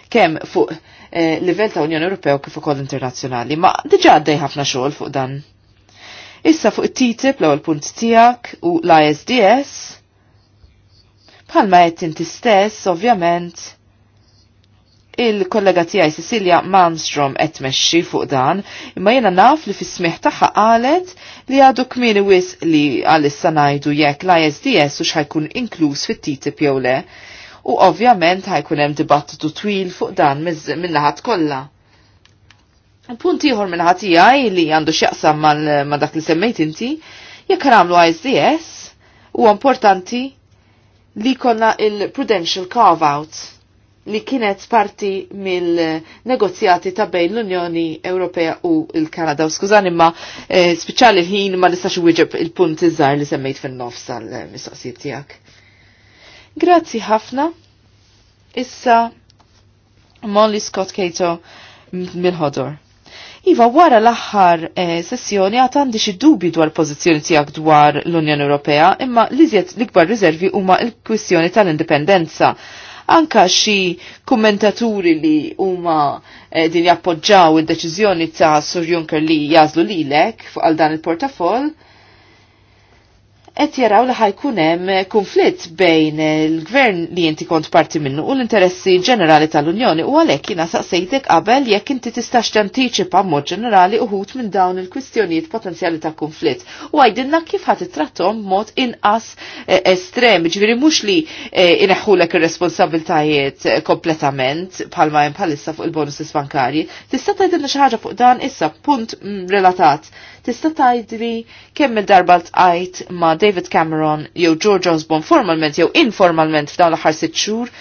Kem fuq eh, livell ta' Unjoni Ewropew kif ukoll internazzjonali, ma diġa għaddej ħafna xogħol fuq dan. Issa fuq it-TTIP l-ewwel punt tiegħek u l-ISDS bħalma qed inti stess ovvjament Il-kollega tiegħi Cecilia Malmstrom qed mexxi fuq dan, imma jiena naf li fis taħħa tagħha qalet li għadu kmieni wis li għalissa ngħidu jekk l-ISDS u x'ħajkun inkluż fit-TTIP jew le. U ovvjament ħajkun hemm dibattitu twil fuq dan mill-naħat kollha. Punt ieħor minn ħatijaj li għandu x'jaqsam ma' dak li semmejt inti, jekk għamlu ISDS, huwa importanti li konna il-prudential carve-out li kienet parti mill-negozjati ta' bejn l-Unjoni Ewropea u l-Kanada. Skużan imma eh, speċali ħin ma nistax wieġeb il-punt iżgħar li semmejt fin-nofs tal-mistoqsijiet tiegħek. Grazzi ħafna. Issa Molly Scott Cato minn ħodor Iva, wara l-aħħar eh, sessjoni għat għandi xi dubi dwar pożizzjoni tiegħek dwar l-Unjoni Ewropea, imma li żjed l-ikbar riservi huma l-kwistjoni tal-indipendenza anka xi kummentaturi li huma eh, din jappoġġaw id-deċiżjoni ta' Sur Juncker li jażlu lilek fuq għal dan il-portafol qed jaraw li ħajkun hemm konflitt bejn il-gvern li inti kont parti minnu u l-interessi ġenerali tal-Unjoni u għalhekk jiena saqsejtek qabel jekk inti tistax tantiċipa mod ġenerali uħut minn dawn il-kwistjonijiet potenzjali ta' konflitt u għajdilna kif ħadd trattom mod inqas eh, estrem, ġifieri mhux li eh, ineħħulek ir-responsabiltajiet eh, kompletament bħalma hemm bħalissa fuq il-bonuses bankarji. Tista' tgħidilna xi ħaġa fuq dan issa punt mm, relatat tista' tajdri kemm il-darba tqajt ma' David Cameron jew George Osborne formalment jew informalment f'dawn l-aħħar sitt xhur.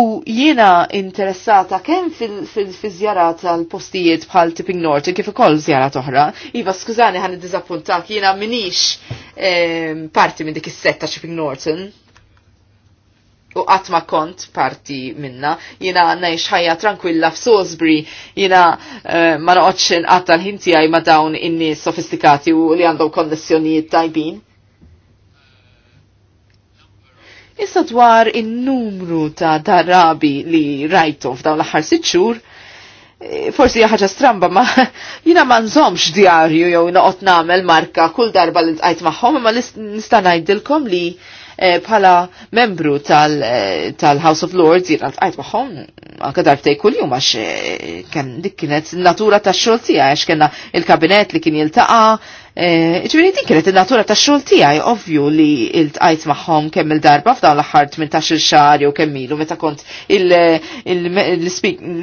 U jiena interessata kemm fil-żjarat fil, għal-postijiet bħal Tipping North kif ukoll żjarat oħra. Iva skużani ħan iddiżappuntak jiena minix eh, parti minn dik is-setta Tipping Norton u għatma kont parti minna, jina najx ħajja tranquilla f'Salisbury, jina uh, eh, ma noqgħodx inqatta l-ħinti għaj ma dawn inni sofistikati u li għandhom konnessjonijiet tajbin. Issa dwar in-numru ta' darabi li rajtu f'dawn l-aħħar sitt xhur, eh, forsi ħaġa stramba ma [LAUGHS] jina ma nżomx djarju jew noqgħod nagħmel marka kull darba li tqajt magħhom, imma nista' ngħidilkom li Eh, bħala membru eh, tal-House of Lords jirna l-għajt maħom anka darbtej kull-jum għax eh, kien dik kienet natura ta' xol għax kena il-kabinet li kien jiltaqa ċivini din kienet natura ta' xol tijaj ovvju li il-tqajt maħom kemm il-darba f'dawn l-ħar 18 xar jew kemm ilu meta kont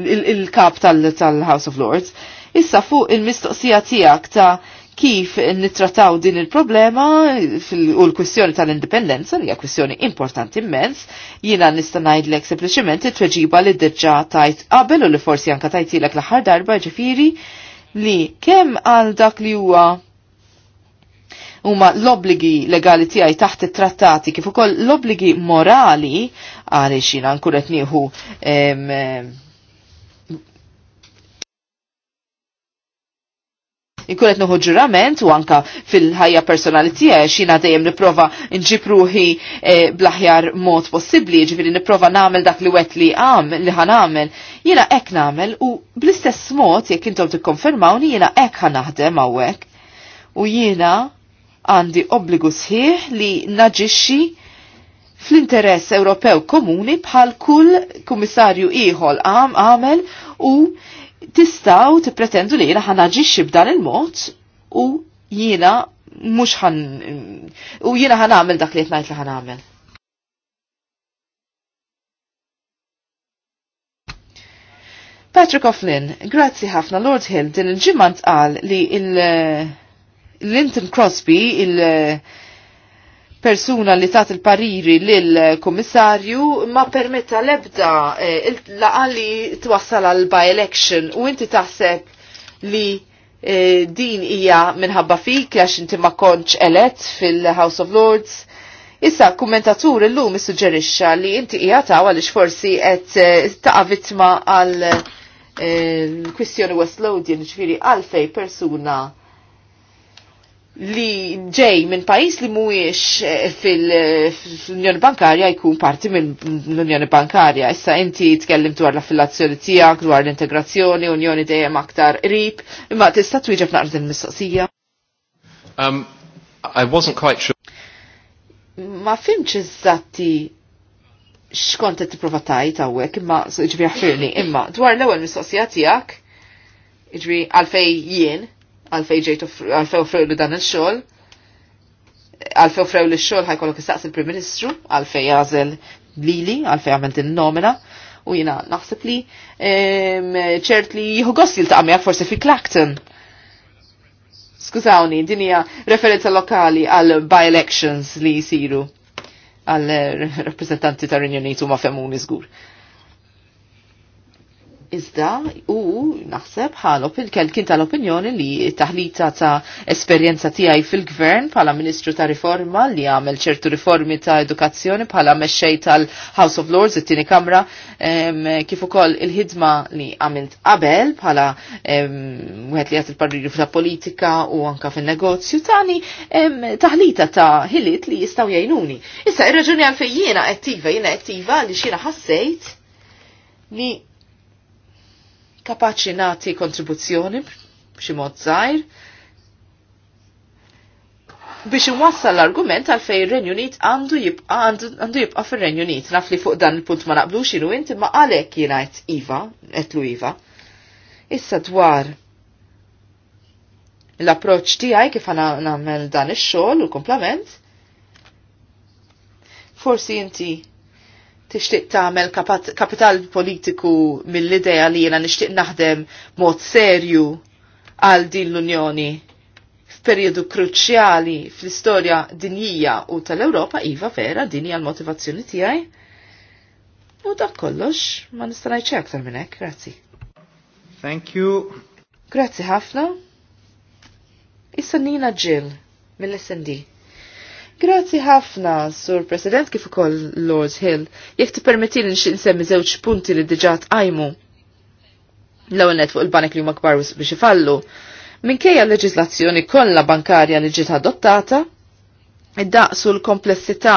il-kap tal-House of Lords. Issa fuq il-mistoqsija tijak ta' kif nittrataw din il-problema u l-kwistjoni tal-indipendenza li hija kwistjoni importanti immens, jiena nista' ngħidlek sempliċiment it-tweġiba li diġà tajt qabel u li forsi anka tajtilek l-aħħar darba ġifiri li kemm għal dak li huwa huma l-obligi legali tiegħi taħt it-trattati kif ukoll l-obligi morali għaliex jiena nkun qed nieħu inkun qed ġurament u anka fil-ħajja personali tijaj xina dejjem nipprova nġib ruħi eh, bl-aħjar mod possibbli, ġifiri nipprova nagħmel dak li wet li għam li għamel, Jiena hekk nagħmel u bl-istess mod jekk intom tikkonfermawni jiena hekk ħanaħdem hawnhekk. U jiena għandi obbligu sħiħ li naġixxi fl-interess Ewropew komuni bħal kull kummissarju ieħor għam għamel u tistaw tippretendu li jiena ħanaġixxi b'dan il-mod u jiena mhux ħan u jiena ħanamel dak li qed ngħid li ħanamel. Patrick O'Flynn, grazzi ħafna Lord Hill din il-ġimgħa għal li il linton Crosby il- persuna li tat il-pariri lill-komissarju ma permetta lebda ebda eh, laqa li twassal għal by-election u inti taħseb li eh, din hija minħabba fik għax inti ma konċ elett fil-House of Lords. Issa, kommentatur illum suġġerixxa li inti hija taw għaliex forsi qed eh, taqa' vittma għal kwistjoni West Lodian ġifieri għalfej persuna li ġej minn pajis li mhuwiex eh, fil-Unjoni eh, Bankarja jkun parti minn l-Unjoni Bankarja. Issa inti tkellim dwar l-affilazzjoni tiegħek, dwar l-integrazzjoni, Unjoni dejjem aktar qrib, imma tista' twieġeb naqra din mistoqsija. Um, I wasn't quite sure. Ma fimx iżatti x'kont qed tipprova tajt hawnhekk, imma jiġri ħfirni, imma dwar l-ewwel mistoqsija tiegħek, jiġri għalfej jien, għalfej ġejtu għalfej offrejlu dan il-xol, għalfej offrejlu il-xol ħajkollok istaqs il-Prim Ministru, għalfej jazel lili, għalfej għamilt il-nomina, u jina naħseb li ċert li jieħu gosti l-taqamijak forse fi Clacton. Skużawni, dinija referenza lokali għal by-elections li jisiru għal eh, rappresentanti tar Unjonitu ma' femuni zgur. Iżda u naħseb ħalo il-kel kien tal-opinjoni li taħlita ta' esperjenza tiegħi fil-gvern bħala Ministru ta' Riforma li għamel ċertu riformi ta' edukazzjoni bħala mexxej tal-House of Lords it-tieni Kamra kif ukoll il-ħidma li għamilt qabel bħala wieħed li għat il-parriri fil politika u anka fin-negozju tani taħlita ta' ħiliet li jistgħu jgħinuni. Issa ir-raġuni għalfejn jiena attiva jiena attiva li xina ħassejt li kapaċi nagħti kontribuzzjoni b'xi mod żgħir biex inwassal l-argument għal fej ir-Renju Unit għandu jibqa' għandu jibqa' fir-Renju Unit. Naf li fuq dan il-punt ma naqblux ilu inti ma għalhekk jiena qed iva, qedlu iva. Issa dwar l-approċċ tiegħi kif għana nagħmel dan ix-xogħol u l-komplament. Forsi inti tixtieq tagħmel kapital politiku mill-idea li jiena nixtieq naħdem mod serju għal din l-Unjoni f'perjodu kruċjali fl-istorja dinjija u tal-Ewropa iva vera din hija l-motivazzjoni tiegħi. U dak kollox, ma nista' ngħid aktar minn hekk, grazzi. Thank you. Grazzi ħafna. Issa Nina Jill mill-SND. Grazzi ħafna, Sur President, kif ukoll Lord Hill. Jekk tippermetti li nxin semmi żewġ punti li diġà tqajmu. L-ewwel net fuq il-banek li huma kbar biex ifallu. Minkejja l-leġiżlazzjoni kollha bankarja li ġiet adottata, id-daqsu l-komplessità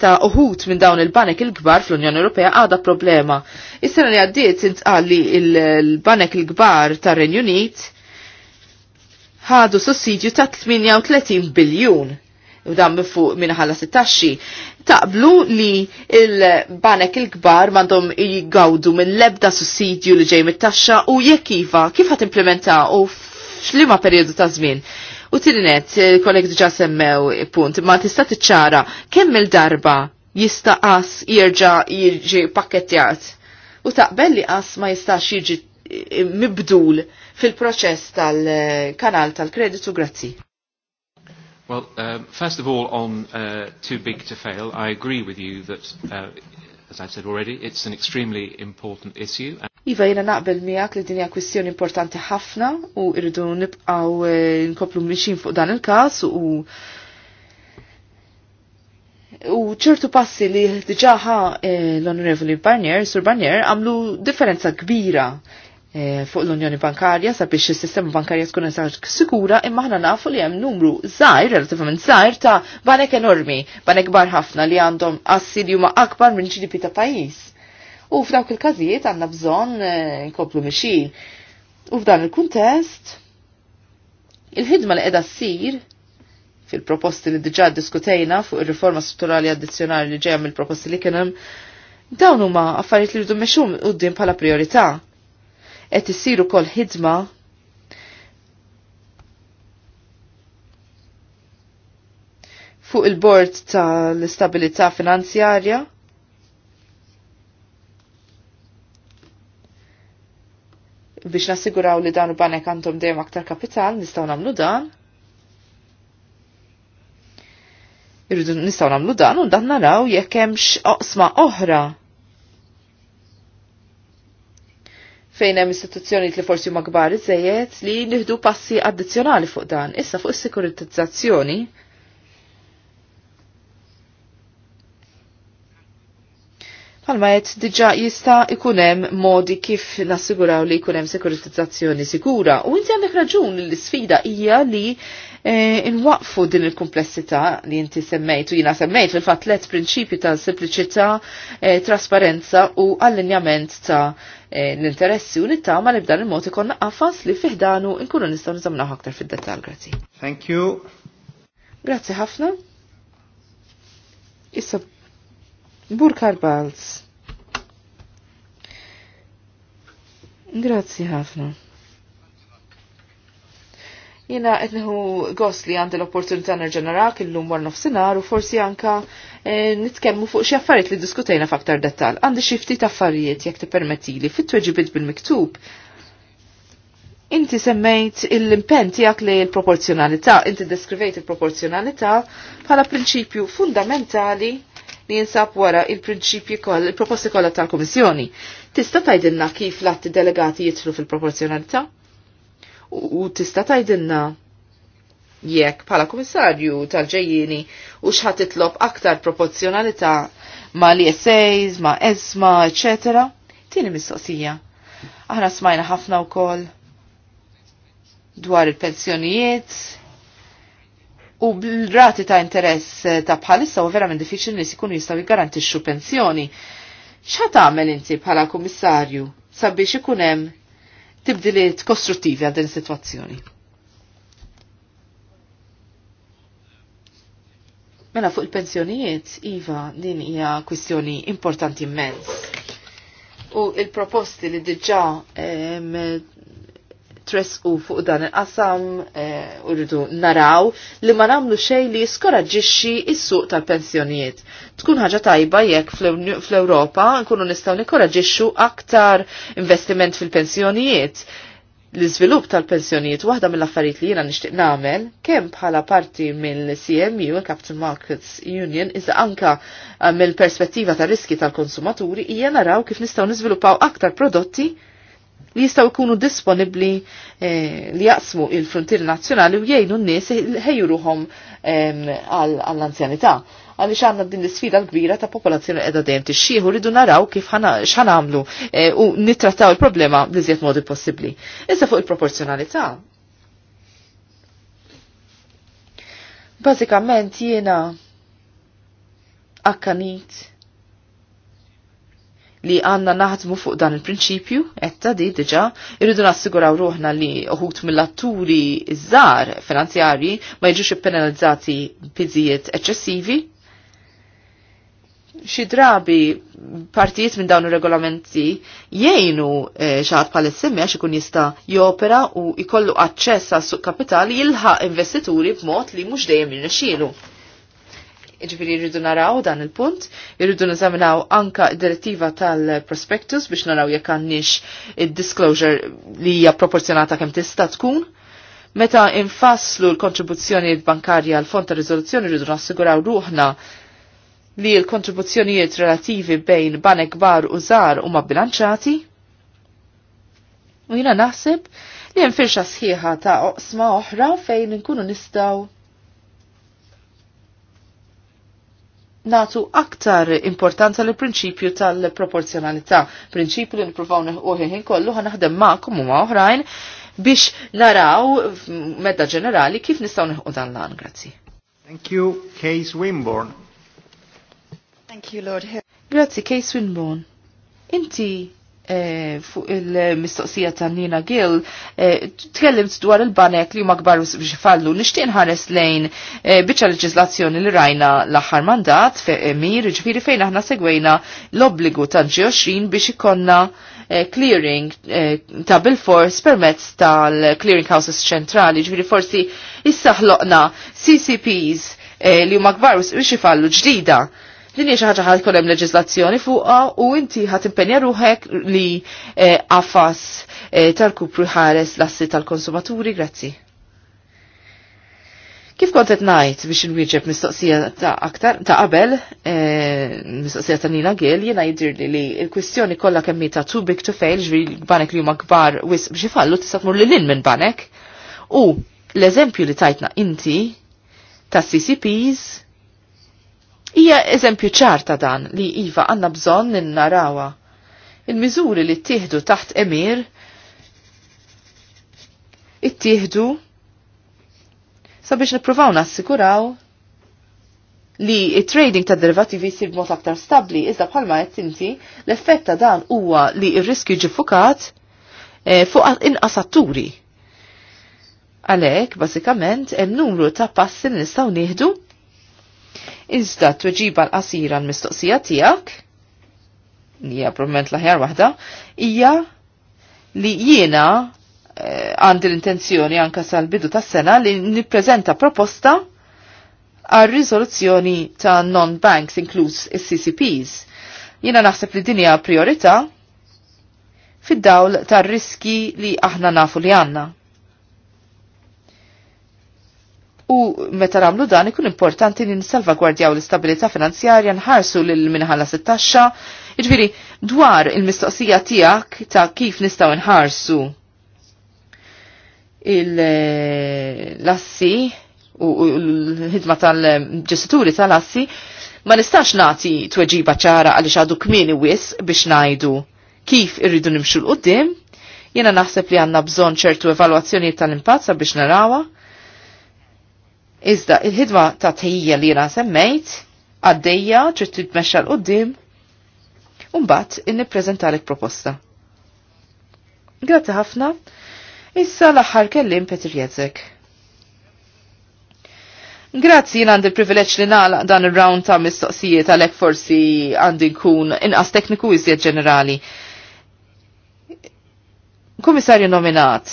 ta' uħut minn dawn il-banek il-kbar fl-Unjoni Ewropea għada problema. Is-sena li għaddiet intqalli l banek il-kbar ta' Renju Unit ħadu sussidju ta' 38 biljun u dan fuq minħalla sit-taxxi, taqblu li il-banek il-kbar mandom jgawdu minn lebda sussidju li ġej mit-taxxa u jekk iva, kif ħat implementa u f'liema periodu ta' żmien. U tilinet, kollek diġa semmew punt, ma tista' tiċċara kemm il-darba jista' qas jerġa' jiġi pakketjat? U taqbel li qas ma jistax jiġi mibdul fil-proċess tal-kanal tal-kreditu, grazzi. Well, um, first of all, on uh, too big to fail, I agree with you that, uh, as I've said already, it's an extremely important issue. Iva jena naqbel miak li dinja kwestjoni importanti ħafna u irridu nibqgħu eh, nkoplu mixin fuq dan il kas u u ċertu passi li diġaħa eh, l-Onorevoli Barnier, Sur Barnier, għamlu differenza kbira Eh, fuq l-Unjoni Bankarja sabiex is-sistema bankarja tkun eżatt sikura imma aħna nafu li hemm numru żgħir, relativament żgħir ta' banek enormi, banek kbar ħafna li għandhom assi li huma akbar minn GDP ta' pajjiż. U f'dawk il-każijiet għandna bżonn eh, nkomplu mixin. U f'dan il-kuntest il-ħidma li qiegħda ssir fil-proposti li diġà diskutejna fuq ir-riforma strutturali addizzjonali li ġejja mill-proposti li kien hemm dawn huma affarijiet li rridu mexhum quddiem bħala priorità qed issiru kol ħidma fuq il-bord tal-istabilità finanzjarja. biex nassiguraw li dan u banek għandhom dejjem aktar kapital, nistgħu nagħmlu dan. Irridu nistgħu nagħmlu dan u dan naraw jekk hemmx oqsma oħra fejn hemm istituzzjonijiet li forsi huma kbar iżejjed li nieħdu passi addizzjonali fuq dan. Issa fuq is-sekuritizzazzjoni Palma qed diġà jista' ikun hemm modi kif nassiguraw li jkun hemm sekuritizzazzjoni sikura. U inti għandek raġun li l-isfida hija li E, inwaqfu din il-komplessità li inti semmejt u jina semmejt fil-fat let prinċipi ta' sempliċità, e, trasparenza u allinjament ta' e, l-interessi u nittama li b'dan il-mod ikonna qafas li fiħdanu nkunu nistgħu nizamna aktar fid dettal Grazzi. Thank you. Grazzi ħafna. Issa Burkar Balz. Grazzi ħafna jina etniħu gost li għandi l-opportunità nerġenerak il-lum war nofsinar u forsi anka e, eh, nitkemmu fuq xie affarijiet li diskutejna f'aktar dettal. Għandi xi ftit affarijiet jekk li fit-tweġibiet bil-miktub. Inti semmejt l-impen tiegħek li l-proporzjonalità, inti deskrivejt il-proporzjonalità bħala prinċipju fundamentali li jinsab wara il-prinċipji koll, il-proposti kollha tal-Komissjoni. Tista' tgħidilna kif l-atti delegati jitlu fil-proporzjonalità? u tista' tgħidilna jekk bħala kummissarju tal-ġejjini u x'ħat titlob aktar proporzjonalità ma' li essays, ma' ESMA, etc. Tieni mistoqsija. Aħna smajna ħafna wkoll dwar il-pensjonijiet, U bil-rati ta' interess ta' bħalissa u verament diffiċli li sikun jistaw jgarantixxu pensjoni. ċa għamel inti bħala kummissarju sabiex ikun hemm tibdiliet kostruttivi għal din is-sitwazzjoni. Mela fuq il-pensjonijiet, Iva, din hija kwistjoni importanti immens. U il-proposti li diġà tresqu fuq dan il-qasam eh, u rridu naraw li ma namlu xej li skoraġġixxi is-suq tal-pensjonijiet. Tkun ħaġa tajba jekk fl-Ewropa nkunu nistgħu nikkoraġixxu aktar investiment fil-pensjonijiet. L-iżvilupp tal-pensjonijiet waħda mill-affarijiet li jiena nixtieq nagħmel kemm bħala parti mill-CMU, Capital Markets Union, iżda anka eh, mill-perspettiva tar riski tal-konsumaturi hija naraw kif nistgħu niżviluppaw aktar prodotti li jistaw ikunu disponibli eh, li jaqsmu il frontir nazzjonali u jgħinu n-nies ruħom għall-anzjanità. Għaliex għandna din l-sfida l-kbira ta' popolazzjoni qiegħda dejjem tixxieħu rridu naraw kif għamlu eh, u nittrattaw il-problema bliżjed modi possibbli. Issa fuq il-proporzjonalità. Bażikament jiena akkanit li għanna naħdmu fuq dan il-prinċipju, etta di diġa, irridu nassiguraw ruħna li uħut mill-atturi zzar finanzjari ma jġuxi penalizzati biżijiet eċċessivi. Xi drabi partijiet minn dawn ir-regolamenti jgħinu eh, xaħat bħal semmi għax ikun jista' jopera u jkollu aċċess għas suq kapitali jilħaq investituri b'mod li mhux dejjem jirnexxielu. Iġbiri rridu naraw dan il-punt, irridu nizaminaw anka direttiva tal-prospectus biex naraw jekk għandix il-disclosure li hija proporzjonata kemm tista' tkun. Meta infasslu l-kontribuzzjoni bankarja għal fond rizoluzzjoni riżoluzzjoni rridu nassiguraw ruħna li l-kontribuzzjonijiet relativi bejn banek bar u żar huma bilanċati. U jina naħseb li nfirxa sħiħa ta' oqsma oħra fejn nkunu nistaw natu aktar importanza li prinċipju tal-proporzjonalità, prinċipju li nipruvaw uħin kollu ħanaħdem ma'kom u ma' oħrajn biex naraw medda ġenerali kif nistaw neħu dan lan, grazzi. Thank you, Case Winborn. Thank you, Lord Hill. Grazzi, Case Winborn. Inti Eh, fuq il-mistoqsija ta' Nina Gill, eh, tkellimt dwar il-banek li huma kbar biex fallu. Nixtieq nħares lejn eh, biċċa leġislazzjoni li rajna l-aħħar mandat mir, ġifieri fejn aħna segwejna l-obbligu ta' G20 biex ikonna clearing ta' bil-fors permezz tal-clearing houses ċentrali, ġifiri forsi issaħloqna CCPs li huma kbar biex fallu ġdida Din hija xi ħaġa ħad hemm leġiżlazzjoni fuqha u inti ħad impenja ruħek li qafas eh, eh, tal-kupru ħares l-assi tal-konsumaturi, grazzi. Kif kont qed ngħid biex inwieġeb mistoqsija ta' aktar ta' qabel, eh, mistoqsija ta' Nina Gill, jiena jidhirli li l-kwistjoni kollha kemm ta' too big to fail, ġri banek li huma kbar wis biex ifallu tista' tmur lil minn banek. U l-eżempju li tajtna inti ta' CCPs Ija eżempju ċarta dan li Iva għanna bżon n-narawa. Il-mizuri li t-tihdu taħt emir, it-tihdu sabiex niprofaw nassikuraw li il-trading ta' derivativi jisir mod aktar stabli, iżda bħalma qed inti l-effett ta' dan huwa li r-riskju ġifukat e, eh, fuq inqas atturi. Għalhekk bażikament hemm numru ta' passi li nistgħu nieħdu Iżda t-tweġiba l-qasira l-mistoqsija tijak, hija probablement l-aħjar waħda, hija li jiena eh, għandi l-intenzjoni anka sal-bidu tas-sena li nippreżenta proposta għal riżoluzzjoni ta' non-banks inkluż is-CCPs. Jiena naħseb li dinja priorità fid-dawl tar riski li aħna nafu li għanna. U meta ramlu dan ikun importanti li nissalvagwardjaw l-istabilità finanzjarja nħarsu lil minħalla sit-taxxa. Iġviri, dwar il-mistoqsija tiegħek ta' kif nistgħu nħarsu l-assi u l-ħidma tal-ġestituri tal-assi, ma nistax nagħti tweġiba ċara għaliex għadu kmieni wis biex ngħidu kif irridu nimxu l-qoddim, jena naħseb li għanna bżon ċertu evaluazzjoni tal-impazza biex narawa, Iżda il-ħidma ta' tejja li jena semmejt, għaddejja trid titmexxa l qudiem Umbat, in-nipprezentalek proposta. Grazzi ħafna, issa l aħħar kellim Petr Jezek. Grazzi jien għandi privileġġ li nagħlaq dan ir-round ta' mistoqsijiet għalhekk forsi għandi nkun inqas tekniku iżjed ġenerali. Komissarju nominat,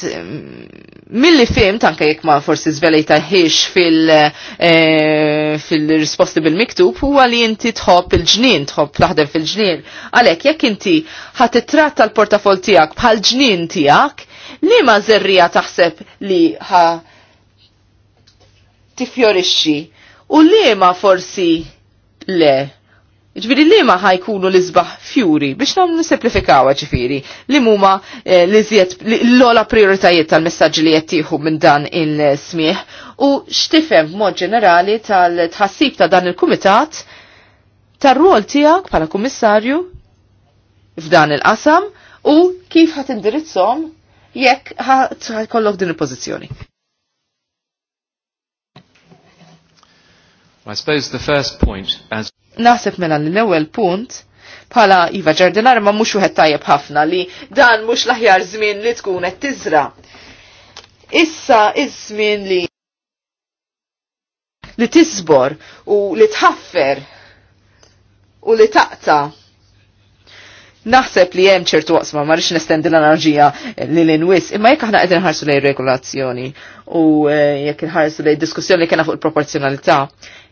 milli fim, tanka jek ma forsi zvelejta ħiex eh, fil-risposti bil-miktub, huwa li inti tħob il-ġnien, tħob taħdem fil-ġnien. Għalek, jekk inti ħat tratta l-portafol tijak bħal ġnien tijak, li ma zerrija taħseb li ħa tifjorixxi u li ma forsi le Ġviri li ma ħajkunu l-izbaħ fjuri biex nam nisimplifikawa ġifiri li muma eh, l-izjet l-ola prioritajiet tal-messagġi li jettiħu minn dan il-smieħ u xtifem mod ġenerali tal-tħassib ta' dan il-kumitat tar-rol tijak pala kummissarju f'dan il-qasam u kif ħat indirizzom jekk kollok din il-pozizjoni. I suppose the first point as Naħseb mela li l-ewwel punt bħala Iva Ġardinar ma mhux wieħed tajjeb ħafna li dan mhux l-aħjar żmien li tkun qed tiżra. Issa iż-żmien li li tisbor u li tħaffer u li taqta. Naħseb li hemm ċertu waqsma ma rridx nestendi l-enerġija li l-inwis, imma jekk aħna qegħdin ħarsu lejn regolazzjoni u eh, jekk inħarsu lejn diskussjoni li kena fuq il-proporzjonalità,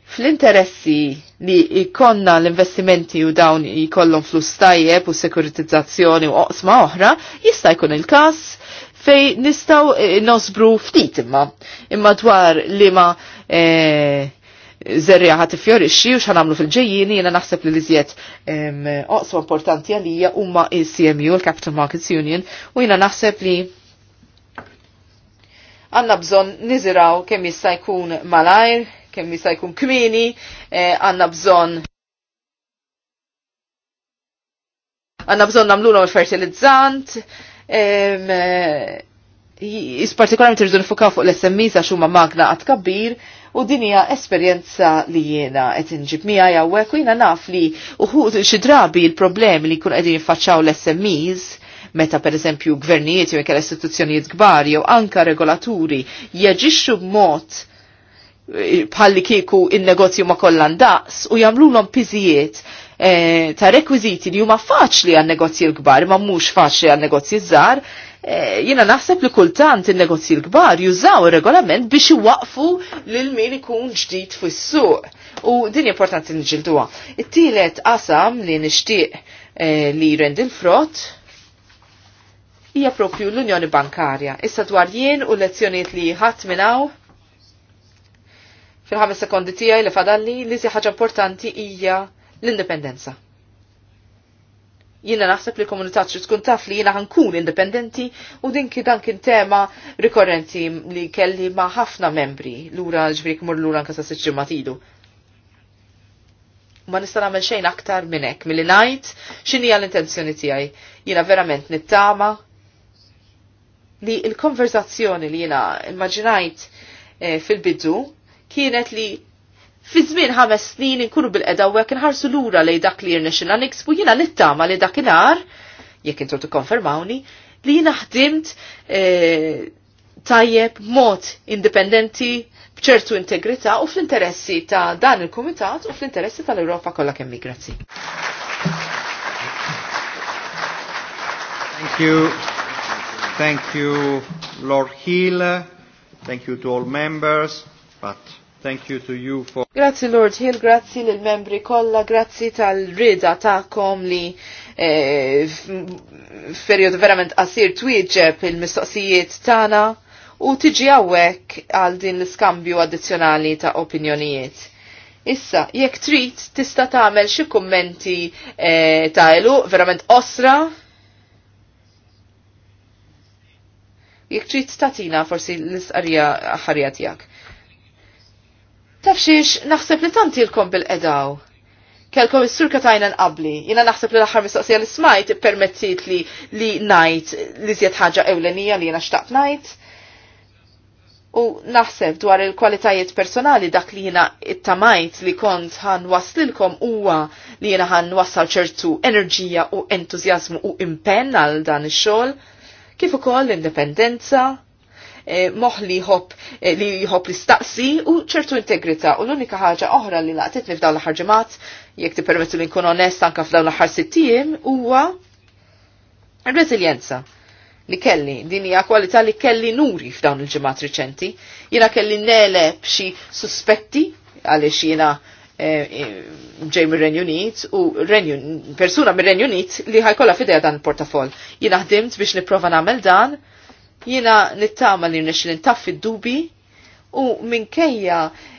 Fl-interessi li ikonna l-investimenti u dawn jikollhom flus tajjeb u sekuritizzazzjoni u oqsma oħra, jista' jkun il-każ fej nistaw eh, nosbru ftit imma. Imma dwar li ma e, eh, zerri ħat fjorixxi u xanamlu fil-ġejjini jena naħseb li liżiet oqsma importanti għalija huma il-CMU, il-Capital Markets Union, u jena naħseb li għanna bżon niziraw kemm jista' jkun malajr kemm jista' jkun kmini, eh, għandna bżonn għandna bżonn nagħmluhom il-fertilizzant, eh, partikolarment irridu nifukaw fuq l-SMEs għax huma magna għad kabbir u din hija esperjenza li jiena qed inġib miegħi hawnhekk u jiena naf li uħud xi drabi l-problemi li jkunu qegħdin jiffaċċaw l smis meta per eżempju gvernijiet jew ikel istituzzjonijiet kbar jew anka regolaturi jaġixxu b'mod bħalli kieku il-negozju ma kollan daqs u jamlulhom piżijiet eh, ta' rekwiziti li huma faċli għan negozji l-kbar, ma mhux faċli għan negozji żgħar, eh, jiena naħseb li kultant il-negozji l-kbar jużaw ir-regolament biex iwaqfu lil min ikun ġdid fis-suq. U din importanti nġilduha. It-tielet qasam li nixtieq eh, li jrend il-frott hija propju l-Unjoni Bankarja. Issa dwar jien u lezzjonijiet li ħadd minn fil-ħames sekondi tiegħi li fadalli li si ħaġa importanti hija l-indipendenza. Jiena naħseb li l-komunità trid tkun taf li jiena ħankun indipendenti u din dan kien tema rikorrenti li kelli ma' ħafna membri lura ġbrik mur lura anke sa' sitt ilu. Ma nista' nagħmel xejn aktar minn hekk milli ngħid x'inhi l-intenzjoni tiegħi. Jiena verament nittama li l-konverzazzjoni li jiena immaġinajt eh, fil-bidu kienet li fi żmien ħames snin inkunu bil-qeda u nħarsu inħarsu lura lej dak li jirnexxina niksbu jiena nittama li dakinhar jekk intu t-konfermawni, li jina ħdimt e, tajjeb mod indipendenti bċertu integrità u fl-interessi ta' dan il-Kumitat u fl-interessi tal-Europa kollha kemm migrazi Thank you. Thank you, Lord Hill. Thank you to all members. But Thank you to you for... Grazzi Lord Hill, grazzi lil membri kollha, grazzi tal-rida tagħkom li eh, verament qasir twieġeb il-mistoqsijiet tagħna u tiġi hawnhekk għal din l iskambju addizzjonali ta' opinjonijiet. Issa, jekk trid tista' tagħmel xi kummenti eh, ta' elu verament osra jekk trid tatina forsi l isqarija ħarja tiegħek. Tafxiex, naħseb li tanti l-kom bil-edaw. Kelkom is-sur katajna nqabli. Jina naħseb li l-axar mistoqsija li smajt permettit li li najt li zjed ħaġa ewlenija li jina xtaqt najt. U naħseb dwar il-kwalitajiet personali dak li jina it-tamajt li kont ħan waslilkom huwa li jina ħan wassal ċertu enerġija u entuzjazmu u impenn għal dan ix-xogħol, kif ukoll l-indipendenza, Eh, moħ li jħob eh, li jħob l-istaqsi u ċertu integrità u l-unika ħaġa oħra li laqtitni f'dawn l-aħħar ġimgħat jekk tippermettu li nkun onest anke f'dawn l-aħħar sittijiem huwa r-reżiljenza li kelli, din hija kwalità li kelli nuri f'dawn il-ġimgħat riċenti. Jiena kelli nele xi suspetti għaliex jiena eh, ġej mir renju Unit u persuna mir renju Unit li ħajkolla fidea dan il-portafol. Jiena ħdimt biex nipprova nagħmel dan Jiena nittama li nixlin taffi d-dubi u minkejja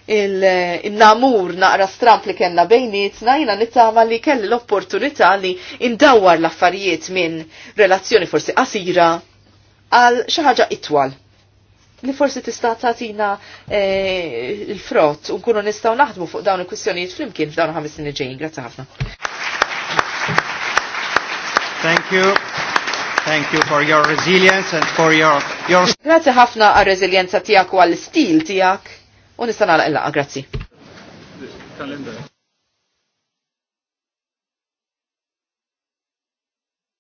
il-namur naqra stramp li kena bejnietna jina nittama li kelli l-opportunità li indawar l-affarijiet minn relazzjoni forsi qasira għal xaħġa itwal li forsi tista' tagħtina eh, l-frott u nkunu nistgħu naħdmu fuq dawn il-kwistjonijiet flimkien f'dawn ħames snin ġejjin. Grazzi ħafna. Thank you. Thank you for your resilience and for your... your... Grazie ħafna għal rezilienza tijak u għal stil tijak. U nistan għal grazzi.